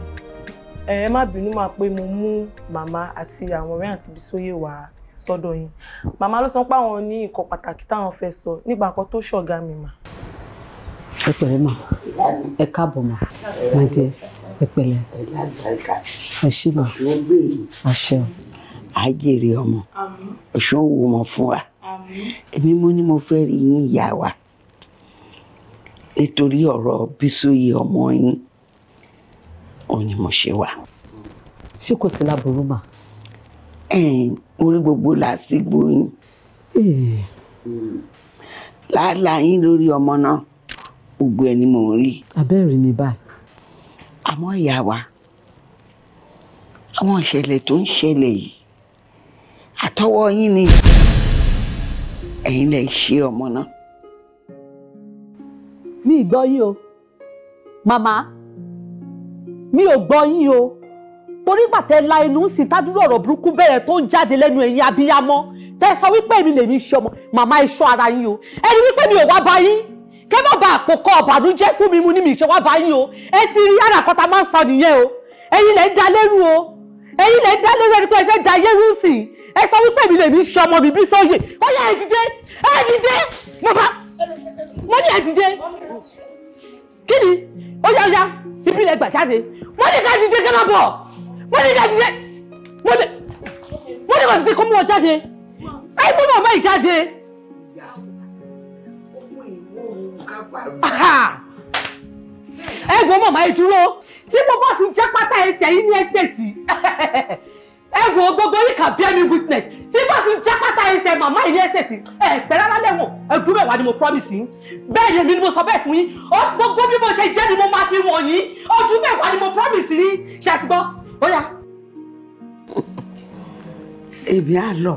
ẹ má bínú máa pé mo mú màmá àti àwọn ọ̀rẹ́ àti Bísóyè wá sọ́dọ̀ yín màmá ló sọ pé àwọn ní nǹkan pàtàkì táwọn fẹ́ sọ nípa nǹkan tó ṣọ̀gá mi mà ẹ pẹ̀lẹ́ ma ẹ káàbọ̀ ma my dear ẹ pẹ̀lẹ́ ẹ ṣí ma àṣẹ. àjèrè ọmọ ọ̀ṣun wò mọ̀ fún wa èmi mo ní mo fẹ́ rí yín ìyá wa nítorí ọ̀rọ̀ bísóyè ọmọ yín òun ni mo ṣe wà. ṣé kò sí láburú mà. mo rí gbogbo làásìgbò yín. láàlá yín lórí ọmọ náà gbogbo ẹ ni mò ń rí. abẹ́rẹ́ mi báyìí. àmọ́ ìyá wa àwọn ìṣẹ̀lẹ̀ tó ń ṣẹlẹ̀ yìí àtọwọ́ yín ni ẹ̀yin lè ṣe ọmọ náà. mi ì gbọ́ yín o màmá mi ò gbọ́ yín o torí gbàtẹ́ la inú sí tádúró ọ̀rọ̀ burúkú bẹ̀rẹ̀ tó ń jáde lẹ́nu ẹ̀yin abiyamọ tẹ́ sọ wípé èmi lèmi ṣe ọmọ màmá iṣọ́ ara yín o ẹni wípé mi ò wá bá yín kẹ́ má ba àpòkọ ọ̀bànújẹ́ fún mi mu ní mi ìṣe wá báyìí o ẹ ti rí àràkọ́ta máa ń sọ nìyẹn o ẹ̀yin lẹ́ dá da lérú o ẹ̀yin lẹ́ dá da lérú ẹni pé ẹ fẹ́ da yẹ́rù sí i ẹ sọ wípé mi lè mi ṣe ọmọ mi bí sóye ó yá ẹ dìde ẹ dìde mo bá mo ní ẹ dìde kí ni ó yá yá ibi lẹ gbà jáde mo ní ká dìde kẹ́ máa bọ̀ mo ní ká dìde mo ní ká dìde kó mú ọ jáde ẹ gbọ́dọ̀ má ì jáde. ẹ gbọ́ màmá ẹ dúró tí mo bá fi jẹ́ pátá ẹsẹ̀ yìí ní ẹ́sítẹ̀tì ẹ gbọ́ gbogbo yìí kà bear me witness tí mo bá fi jẹ́ pátá ẹsẹ̀ màmá yìí ní ẹ́sítẹ̀tì ẹ pẹ́ rárá lẹ́wọ̀n ẹ dúró ẹ̀wà ni mo promise yín bẹ́ẹ̀ ni èmi ni mo sọ bẹ́ẹ̀ fún yín ó gbogbo bí mo ṣe jẹ́ ni mo máa fi wọ̀n yín ó dúró ẹ̀wà ni mo promise yín ṣàtìgbọ́ bóyá. èmi á lọ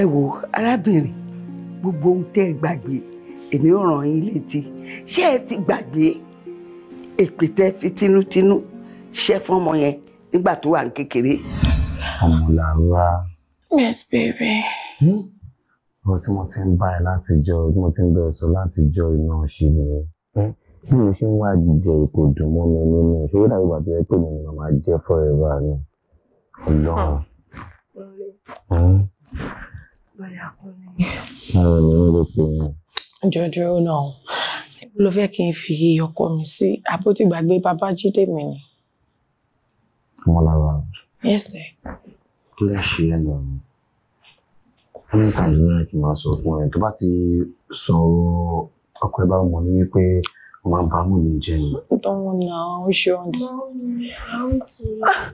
ẹ wo arábìnrin gbogbo ohun tẹ́ gbàgbé èmi ò ràn yín létí ṣé ẹ ti gbàgbé èpè fi tinútinú ṣe fọmọ yẹn nígbà tó wà ní kékeré. ọmọlára. yes baby. Hmm? ọ̀rọ̀ tí mo ti ń bá ẹ látijọ́ mo ti ń bẹ̀rẹ̀ sọ látijọ́ iná ṣe ni hmm? bí mo ṣe ń wá jíjẹ ipò dùn mọ́ mi nínú ìṣòro dàbí bàbá ẹ pé mi ni màmá jẹ́ forever ni ọlọ́run. Hmm. báyà kọ́ ni. báwo jọjọ náà níbo ló fẹ́ kí n fi ọkọ mi sí àpótí gbàgbé babájídé mi ni. ọmọlára yes sir. kí lè ṣe ẹ lọ rẹ wọn ní tàbí rẹ kí n máa sọ fún ẹ tó bá ti sọ ọkọ ẹ bá mọ ní wípé wọn máa bá mọ mi jẹ ni. don't now we should understand. Ah!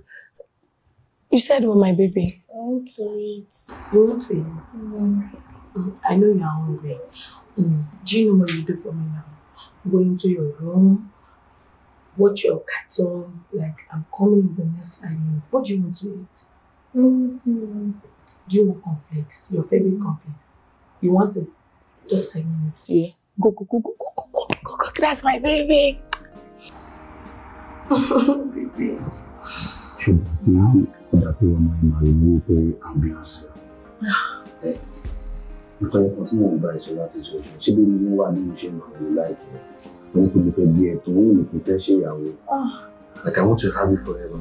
You said what, well, my baby? I want to eat. You want to eat? I know you're hungry. Mm. Do you know what you do for me now? Go into your room, watch your cartoons. Like, I'm coming in the next five minutes. What do you want to eat? Mm-hmm. Do you want cornflakes? Your favorite mm. cornflakes? You want it? Just five minutes. Yeah. Go, go, go, go, go, go, go, go, go. That's my baby. baby. Sure. Now that we are my my we'll pay ambiance. nǹkan ẹ̀kan tí mò ń bá ẹ sọ láti jọjọ ṣé bí mi wà nínú iṣẹ́ máa wò láìpẹ́ mo ní kò ní fẹ́ gbé ẹ̀tọ́ òun ní kò fẹ́ ṣe ìyàwó like I want to have you forever.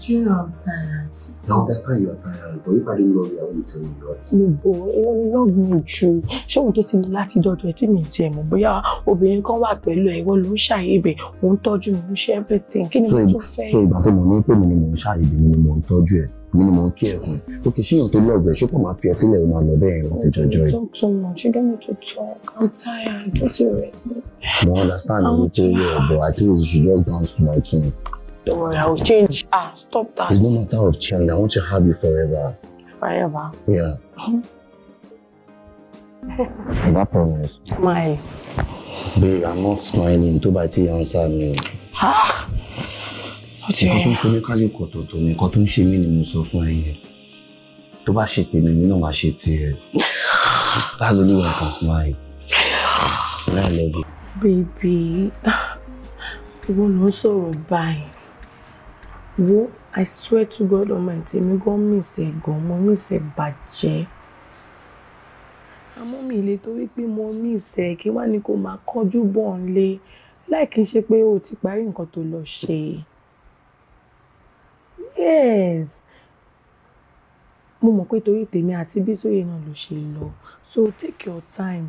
Do you know I'm tired? I understand you are tired, but if I don't love you, I won't tell you love. Mi bò ìwọ ni love me jù. Ṣé òun tó ti ní láti dọ́dọ̀ ẹ tí mi ti ẹ̀ mọ̀ bóyá obìnrin kan wà pẹ̀lú ẹ, ìwọ ló ń ṣàyèbè, òun tọ́jú mi, òun ṣe everything. Kí ni mo tún fẹ́? So ìgbà tó mọ̀ ní pé mi ni mò ń ṣàyèbè, mi ni mò ń tọ́jú ẹ̀ mi ni mo ń kí ẹ fún ẹ ok ṣíyàn tó lọ rẹ ṣé kò máa fi ẹ sílẹ̀ o máa lọ bẹ́ẹ̀ láti jọjọ yìí. talk too much you don't need to talk i'm tired don't you worry. mo understand you too well but at least you should just dance to my tune. don't worry i will change ah stop that. it's no matter of change i want to have you forever. forever. yeah. mm that promise. Smile. babe i'm not smiling tó bá ti answer me. ah láti nǹkan tó ń ṣojú kálukú ọ̀tọ̀ọ̀tọ̀ ni nǹkan tó ń ṣe mí ni mo sọ fún ẹ tó bá ṣe tèmi mi náà máa ṣe tiẹ̀ that's only one can smile I love you. baby ìwọ ló ń sọ̀rọ̀ báyìí wo I swear to God Almighty èmi gan miss ẹ gan mo miss ẹ bàjẹ́ àmọ́ mi lè torí pé mo miss ẹ kí wàá ní kó máa kọjú bọ̀ ń lé láì kí n ṣe pé o ti parí nǹkan tó lọ ṣe yes mo mọ̀ pé torí tèmi àti bísóyè náà ló ṣe lọ so take your time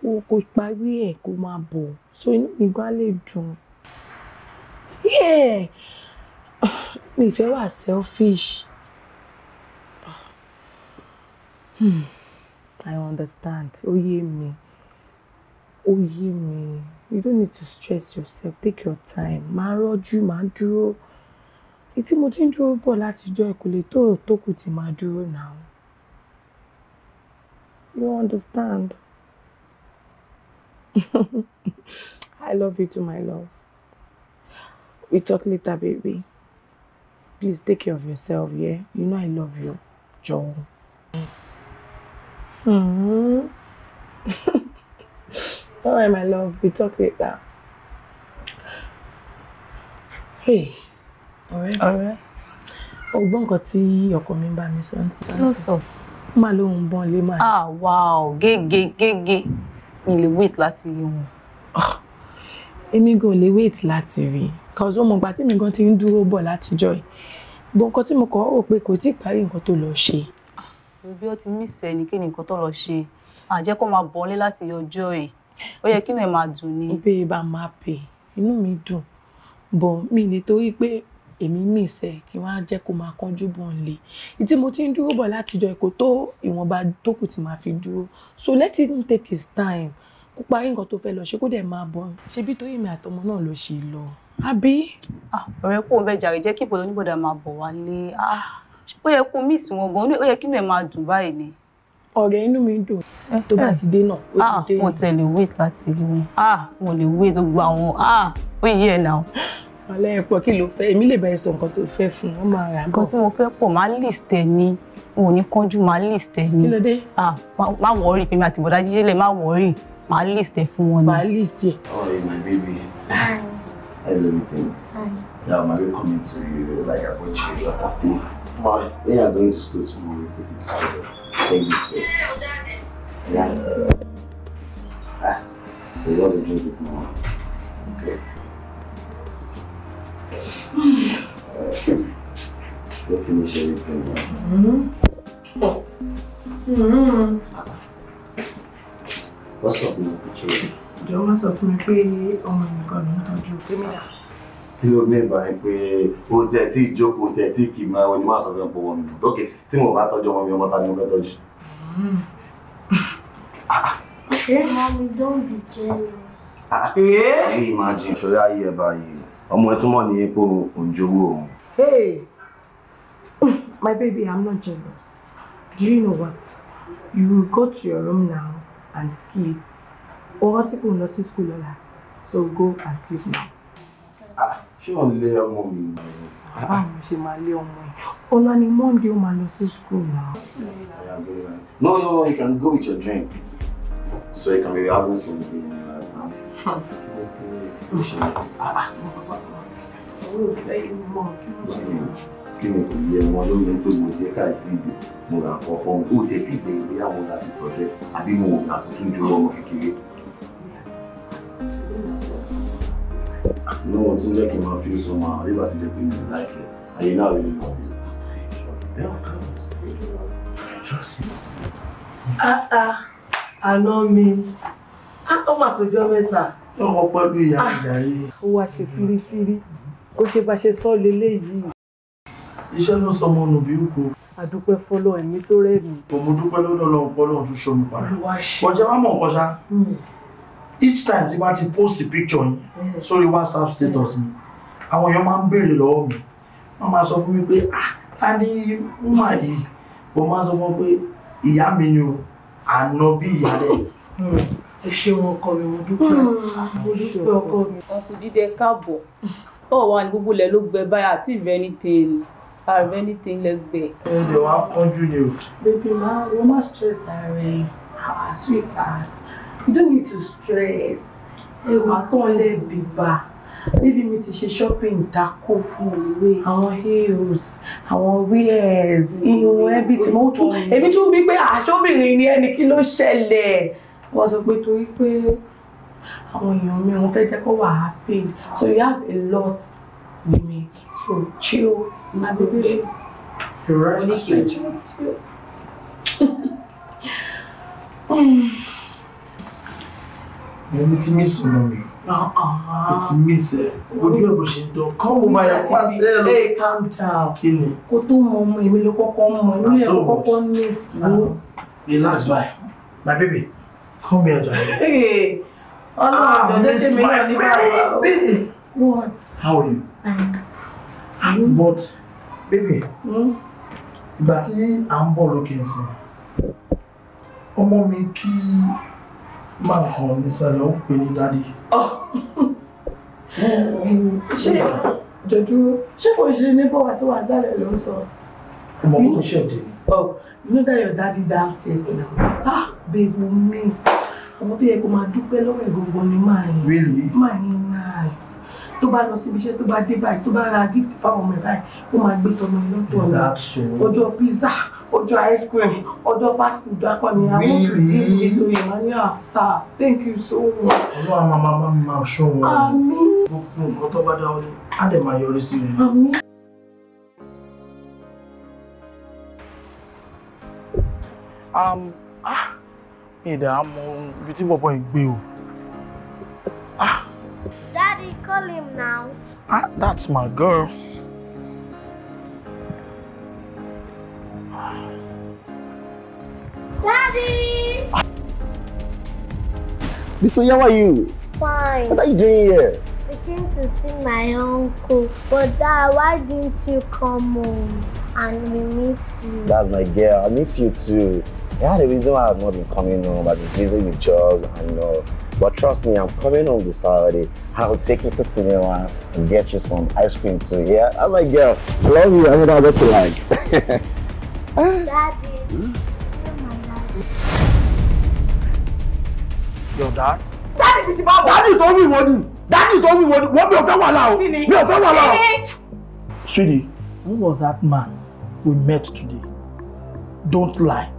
kó kó parí ẹ̀ kó máa bọ̀ so inú mi gbá lè dùn yeah mi fẹ́ wà selfish hmm. I understand Oye yé mi ó mi you don't need to stress yourself take your time máa rọ́jú máa dúró ìtí mo ti ń dúró bọ̀ látijọ́ ìkòlè tó tó kù ti máa dúró náà you understand I love you too my love we talk later baby please take care of yourself yeah you know I love you jọ̀ọ́. Mm-hmm. All right, my love. We talk later. Hey ọ̀rẹ́ ọ̀rẹ́ o gbọ́ nǹkan tí ọkọ mi bá mi sọ ní sísá ló sọ máa lóun bọ́n lé máa. ah wow gègé gègé mi lè wait láti rí wọn. Ah, èmi gan lè wait láti rí cause ó mọ ìgbà tèmi gan ti ń dúró bọ̀ látijọ́ yìí gbọ́n nǹkan tí mo kọ́ ò pé kò tí ì parí nǹkan tó lọ ṣe. Ah, bí ó ti mísẹ̀ ni kí ni nǹkan tó lọ ṣe àjẹ́ kó máa bọ́lé láti ọjọ́ yìí ó yẹ kí inú ẹ̀ máa dùn ni. bẹ́ẹ̀ bá máa pè inú mi dùn bọ̀ mi nítorí pé èmi mì sẹ́ kí wọ́n á jẹ́ kó máa kánjú bọ̀ ń le ìtí mo ti ń dúró bọ̀ látijọ́ èkó tó ìwọ̀nba tó kù ti máa fi dúró so let him take his time kó parí nǹkan tó fẹ́ lọ ṣe kó dẹ̀ máa bọ̀ ṣebí tó yìnbọn àtọmọ náà ló ṣe lọ. àbí. Ah, ọ̀rẹ́ kò ń bẹ jàre jẹ́ kí ìbọn oníbọ̀dà máa bọ̀ wálé ah, ó yẹ kó miss wọn gan ó yẹ kí inú ẹ̀ máa dùn báyìí ni. ọ̀rẹ́ inú mi dùn eh, tó bá eh. ti dé náà ó ti ah, dé. mo tẹ̀lé wait láti rí wọn mo lè wait ó gba àwọn ó yí ẹ̀ náà alẹ́ ẹ̀pọ̀ kí ló fẹ́ èmi lè bá ẹ sọ nǹkan tó fẹ́ fún wọn máa rà bọ̀. nǹkan tí mo fẹ́ pọ̀ máa list ẹ ni n ò ní kánjú máa list ẹ ni. kí ló dé. ah má wọrí fèmí àti bọ̀dá jíjẹ́ lẹ̀ má wọrí máa list ẹ fún wọn ni. máa list ẹ. oh my baby hi how's everything hi yeah my baby coming to you like i bought you a lot of things but we are going to school tomorrow we take this to take this first yeah ah so you want to drink with mama okay. We'll finish everything. Mm -hmm. Oh. Mm -hmm. What's up with the children? Jọ̀wọ́ má sọ fún mi pé ọmọ nìkan ló joking. tọ́jú Kémídà. Kí ló ní ìbáyé pé o tẹ̀ tí ìjókòó tẹ̀ tí kì máa wọ ni máa sọ fún ọ̀pọ̀ wọn nù. Ókè tí mo bá tọ́jú ọmọ mi ọmọ ta ni mo fẹ́ tọ́jú. Okay, mommy, don't be jealous. Ah, ah. Hey, imagine. Ṣọlá ayé ẹ̀ báyìí ọmọ ẹ túmọ̀ ní epo òǹjowó òun. hey my baby i'm not jealous do you know what you will go to your room now and sleep ọwọ́ tí kò lọ sí school lọ́la so go and sleep now. Ah, ṣé ò ń lé ọmọ mi ni. báwo ṣe máa lé ọmọ ẹ ọ̀la ni monday ó máa lọ sí school now. no no no you can go with your drink so you can be having some. ló ṣe kí ni kò yẹ wọn ló yẹ pé mo jẹ káàtì ìdè mo rà kọ fọmù ó tẹ tí ìgbẹ ìgbé àwọn láti tọjẹ àbí mo rà kó tún ju ọmọ kékeré. náà tí ń jẹ́ kí n máa fi sọ máa àríwá ti jẹ́ pé mi ò láìpẹ́ àyè náà rí mi lọ bí. àná mi ah, ọmọ àpèjọ mẹ́ta ọkọ̀ pẹ̀lú ìyá ah, ìjà yìí. ó wá ṣe fírífírí kó ṣe bá ṣe sọ lélẹ́yìí. iṣẹ́ ló sọ ọmọ nù bí kò. àdúpẹ́ fọlọ́ ẹ̀mí tó rẹ̀mí. mo dúpẹ́ lọ́dọ̀ Ọlọ́run pọ́lọ́run tún ṣomi padà. kọjá wa mọ̀ kọjá hmm. each time tí bá ti post picture yín hmm. sórí WhatsApp status mi àwọn èèyàn máa ń béèrè lọ́wọ́ mi wọ́n máa sọ fún mi pé ah ta ni wúmà yìí wọ́n máa sọ fún mi pé ìyá mi ni o àná bí ìyá rẹ̀. Hmm ẹ ṣeun ọkọ mi mo dúpẹ́ hmm. mo dúpẹ́ ọkọ mi. ọkùnrin jíde káàbọ̀ báwo wà ní gbogbo ilẹ̀ ló gbẹ báyà àti ìrẹ́ ní tèèlì ààrẹ ní tèèlì gbẹ. ẹ lọ wá kánjú ni o. bébí ma wọ́n má stress ààrẹ our ah, sweetheart you don't need to stress ẹ̀rù pọ̀ lẹ́bi bá níbi mi ti ṣe shopping dákó fún àwọn heels àwọn wears irun ẹbí tí mo tún èmi tún bí pé aṣọ́bìnrin ah, ni ẹni kí ló ṣẹlẹ̀ wọ́n sọ pé torí pé àwọn èèyàn mi wọ́n fẹ́ jẹ́ kó wà happy so you have a lot with me so chill na bebere right I Chill, just chill. Èmi ti Miss sọ̀rọ̀ mi. Uh-uh. Mo ti Miss. sẹ̀. Ojú ẹ̀ bó ṣe ń dán. Kọ́ wo máa yàtí máa sẹ́ lọ. Ẹ calm down. Kí ni? Kò tó mọ ọmọ èmi ló kọ́kọ́ mọ. Èmi ló kọ́kọ́ mí ah. Relax bye. My baby. Come here, darling. Hey. Ọlọ́run ah, jọjọ́ tí What? How are you? Fine. Mm. But, baby, hmm? ìgbà tí à ń bọ̀ lókè sí, ọmọ mi kí máa hàn nísàlẹ̀ ó pè ní dádì. Oh. Ṣé jọjú ṣé kò ṣe ní bọ́wà tó wà sálẹ̀ ló ń sọ? Ọmọ hmm? kò ṣẹ̀dẹ̀. Oh, you know that your daddy downstairs now. Ah, babe, we miss. Ọmọ tó yẹ kó máa dúpẹ́ lọ́wọ́ ìgbòǹgbò ni máa yìn. Really? Máa yìn nice. Tó bá lọ síbi iṣẹ́ tó bá dé báyìí tó bá ra gift fáwọn ọmọ ẹ̀ báyìí ó máa gbé tọmọ ẹ̀ lọ́tọ̀ ọ̀nà. Ọjọ́ pizza, ọjọ́ ice cream, ọjọ́ fast food akọni àwọn òṣèlú ìlú ìsòyè Emmanuel sir thank you so much. Olúwa máa máa máa ṣọ́ wọn. Àmín. Gbogbo nǹkan tó bá dáwọ́ lé, á dẹ̀ máa yọrí sí rẹ̀. Àmín. Um, ah, mi ìdá mọ ibi my bọ̀bọ̀ yìí gbé o. Ah. Daddy, call him now. Ah, that's my girl. Daddy! Bisoya, how are you? Fine. What are you doing here? I came to see my uncle. But Dad, why didn't you come home? And we miss you. That's my girl. I miss you too. Yeah, the reason why I've not been coming home, I've been busy with jobs and all. But trust me, I'm coming home this Saturday. I'll take you to cinema and get you some ice cream too. Yeah, I'm like, girl, I love you. I mean, I'll to like. Daddy. Your dad? Daddy, ti báwo? Daddy told me wọ ni. Daddy told me wọ ni. Wọ́n mi ò fẹ́ wàhálà o. Mi ò Sweetie, who was that man we met today? Don't lie.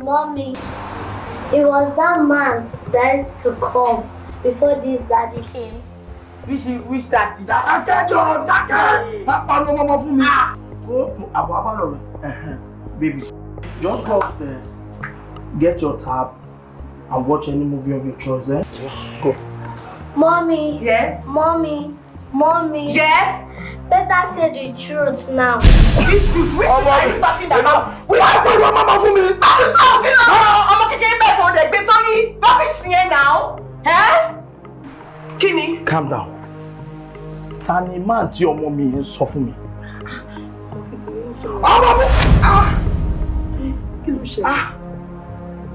Mommy, it was that man that is to come before this daddy came. Which which daddy? Dákẹ́jọ́ dákẹ́! Má pariwo mọ́mọ́ fún mi. Ah! Àbọ̀ abálọ̀ rẹ̀. Baby, just go upstairs, get your tab and watch any movie of your choice. Eh? Go. Mommy. Yes? Mommy. Mommy. Yes? Better say the truth now. This truth, which oh, is like back in the mouth. Why put your mama for me? I'm sorry, you know, ọmọ kékeré bẹ́ẹ̀ back ọdẹ the sọ́rí. Rubbish ni ẹ now. Huh? ni? Calm down. Ta ni máa tí ọmọ mi ń sọ Ah, mi? Ọmọ mi! Ah. Kí ló ṣe? Ah.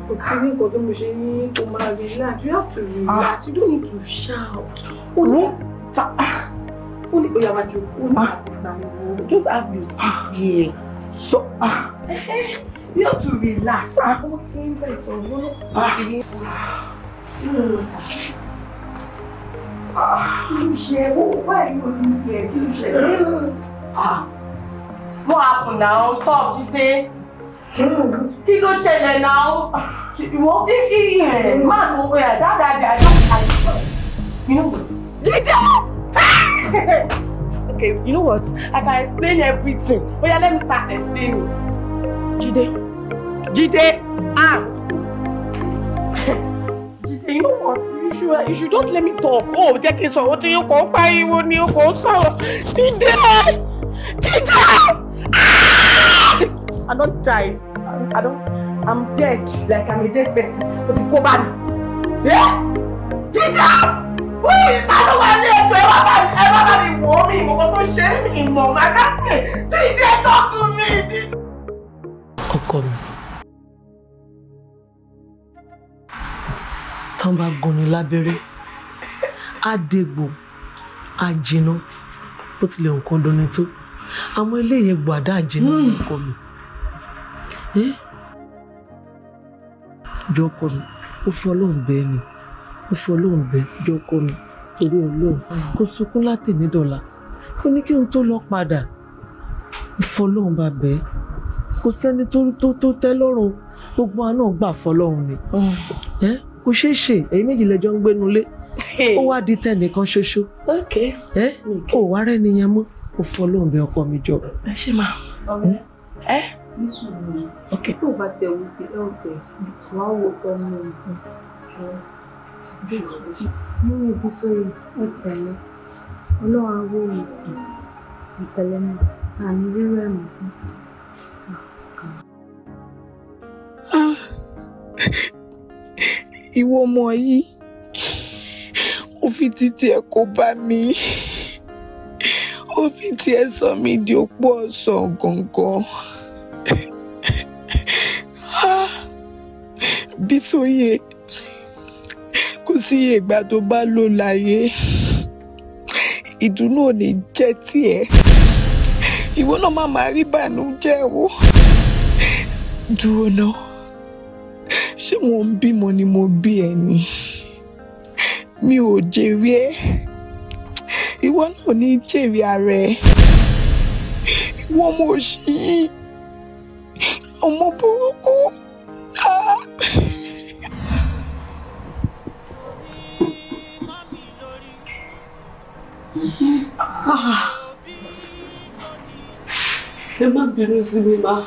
Kò tí ní nǹkan tó mo You have to ah. relax. You don't need to shout. What? ta ó ní bóyá wájú ó ní ah. àti just have you sit ah. here. so you have to relax. Ah, kí n bẹ̀ sọ̀rọ̀ ló ti rí. kí ló ṣe ó wá èyí ò ní kí ẹ kí ló ṣe. Ah. what happen now stop Jide kí ló ṣẹlẹ̀ now ìwọ kíkì ẹ̀ hmm. máa ń wọ ẹ̀ dáadáa okay, you know what? I can explain everything. Oh yeah, let me start explaining. Jide. Jide. Ah. Jide, you know what? You should, you should just let me talk. Oh, jẹ́ kí n sọ̀rọ̀ tí yóò kọ́ you ni o kò sọ̀rọ̀. Jide! Jide! Ah! I don't die. I don't. I'm dead. Like I'm a dead person. But you go back. Yeah? Jide! wíì ta ló wà ní ètò ẹ wá bá mi ẹ wá bá mi wò ó mi lábẹ́rẹ́ á dégbò bó tilẹ̀ nǹkan dání tó àmọ́ eléyìí gbàdá jiná ọkọ mi jọ ọkọ mi ó fi ọlọ́run bẹ́ẹ̀ ni mo fi Ọlọ́run bẹ̀ jọ kọ́ mi torí Ọlọ́run kó sunkún láti nídọ̀la ó ní kí n tó lọ padà mo fi Ọlọ́run bá bẹ̀ kò sẹ́ni tó tó tẹ́ lọ́rùn gbogbo àná gbà fọlọ́run ni mm. kò ṣeé ṣe èyí méjì lẹ́jọ́ ń gbénu lé ó wá di tẹnìkan ṣoṣo kò wá rẹ nìyẹn mọ́ kò fọlọ́run bẹ̀ ọkọ mi jọ. ẹ ṣe máa ẹ ní sùúrù tó bá tẹ̀ wù sí ẹ̀ ọ̀tẹ̀ wàá wò tọ́ nínú ìgbà mú ibi sórí ẹpẹlẹ ọlọ́run àwọ ìpè ìpẹlẹ ni àmì rírọ ẹ̀ mọ̀ fún. Ah. ìwọ ọmọ yìí ó fi títí ẹ kó bá mi ó fi tí ẹ sọ mí di opó ọ̀sán gangan. Ah. Bísóyè sí ìgbà tó bá lò láyé ìdùnnú ò ní jẹ́ tiẹ̀ ìwọ náà má máa rí bànújẹ́ o dúró náà ṣé wọn ń bímọ ni mo bí ẹ ni mi ò jèrè ẹ ìwọ náà ní jèrè ara ẹ ìwọ mo ṣí ọmọ burúkú. Ah. ẹ má bínú sí mi má.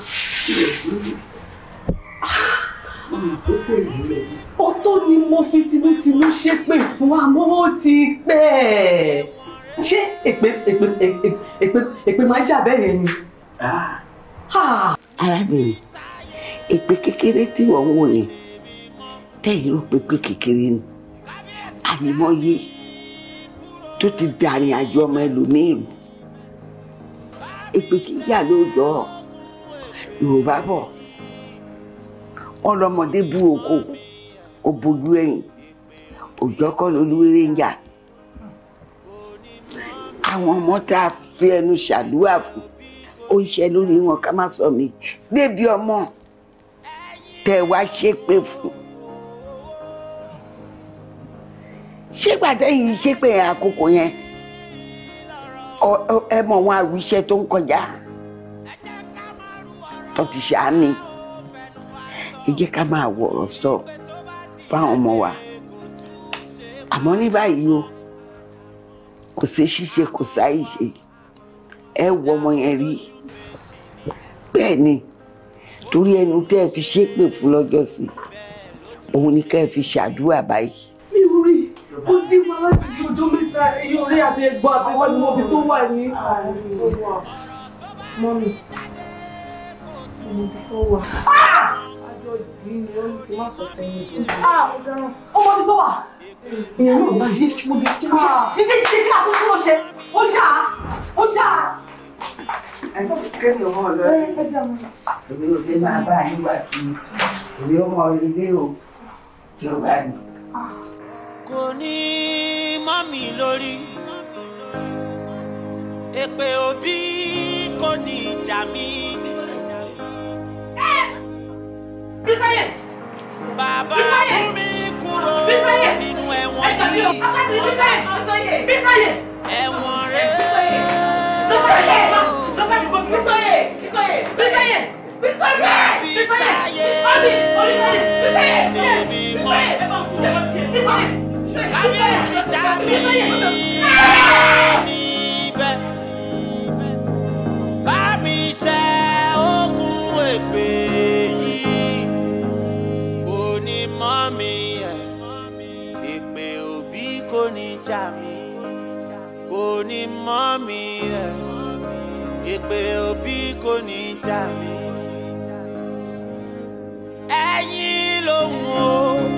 ó ah. ni mo fi tinútinú ṣépè fún àmọ́ ó ti pẹ́ ṣé èpè èpè èpè èpè máa jà bẹ́ẹ̀ yẹn ni. Ah. arábìnrin èpè kékeré tí wọ́n ń wò yẹn tẹ́ ìró pé pé kékeré ni àyè mọ́ yé tó ti dàrin àjọ ọmọ ẹlòmíì rù èpè kíjà ló jọ yorùbá bọ̀ ọlọ́mọdé bú oko ó bojú ẹ̀yìn òjọ́ kọ́ lolúwéré ń jà àwọn ọmọ tá a fi ẹnu ṣàdúrà fún ó ń ṣe lórí wọn ká má sọ mi débi ọmọ tẹ wá ṣépè fún. ṣé gbàtẹ́yìn ṣé pé àkókò yẹn ẹ mọ̀ wọn àwíṣẹ́ tó ń kọjá tó fi ṣàánì ẹ jẹ́ ká máa wọ̀rọ̀ sọ fáwọn ọmọ wa àmọ́ ní báyìí o kò sí ṣíṣe kò sáì ṣe ẹ wọ ọmọ yẹn rí bẹ́ẹ̀ ni torí ẹnu tẹ́ ẹ fi ṣépè fún lọ́jọ́ sí òun ni ká ẹ fi ṣàdúrà báyìí ó ti wá láti bí ọjọ́ mẹ́ta yóò rí àbí ẹgbọ́n àbí wọ́n ní mọ́bi tó wà ní. mọ́mí mọ́bi tó wà. àjọ ah! ìdí ni ó ní ah! tó wà. ìyẹn náà bá yí mọ́bi tó ah! títí títí àtúntò ó ṣe ó ṣá ó ṣá. Kémi ọmọ ọlọ́rẹ́, èmi ò lè máa bá yín wá kí èmi ọmọ ilé o, tí ó kò ní mọ́ mi lórí èpè òbí kò ní ìjà mi. bàbá mú mi kúrò nínú ẹ̀wọ̀n yìí ẹ̀wọ̀n rẹ̀ Bisaye! Bisaye! Bisaye! Bisaye! Bisaye! Bisaye! Bisaye! Bisaye! Bisaye! kábíyèsí jáde níbẹ̀ bá mi ṣe ogún èpè yìí kò ní mọ́ mi ẹ̀ èpè òbí kò ní jà lòun o.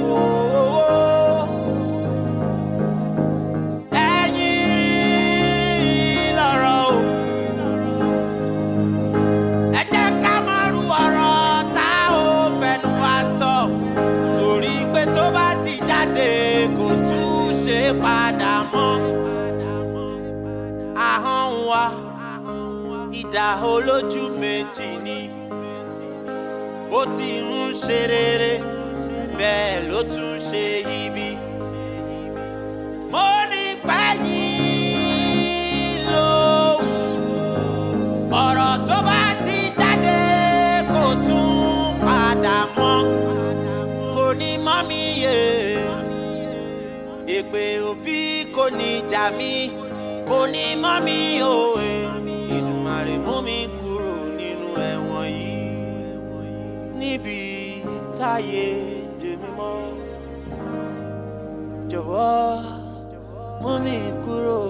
padà mọ́ ahọ́n wa ìdá olójú méjì ni ó ti ń ṣe rere bẹ́ẹ̀ ló tún ṣe ibi mo ní pẹ́yì lóhùn ọ̀rọ̀ tó. pé òbí kò ní jà mí kò ní mọ́ mi òwe Èdùmàrè mú mi kúrò nínú ẹ̀wọ̀n yìí níbi táyé dè mí mọ́ jọ̀wọ́ mú mi kúrò.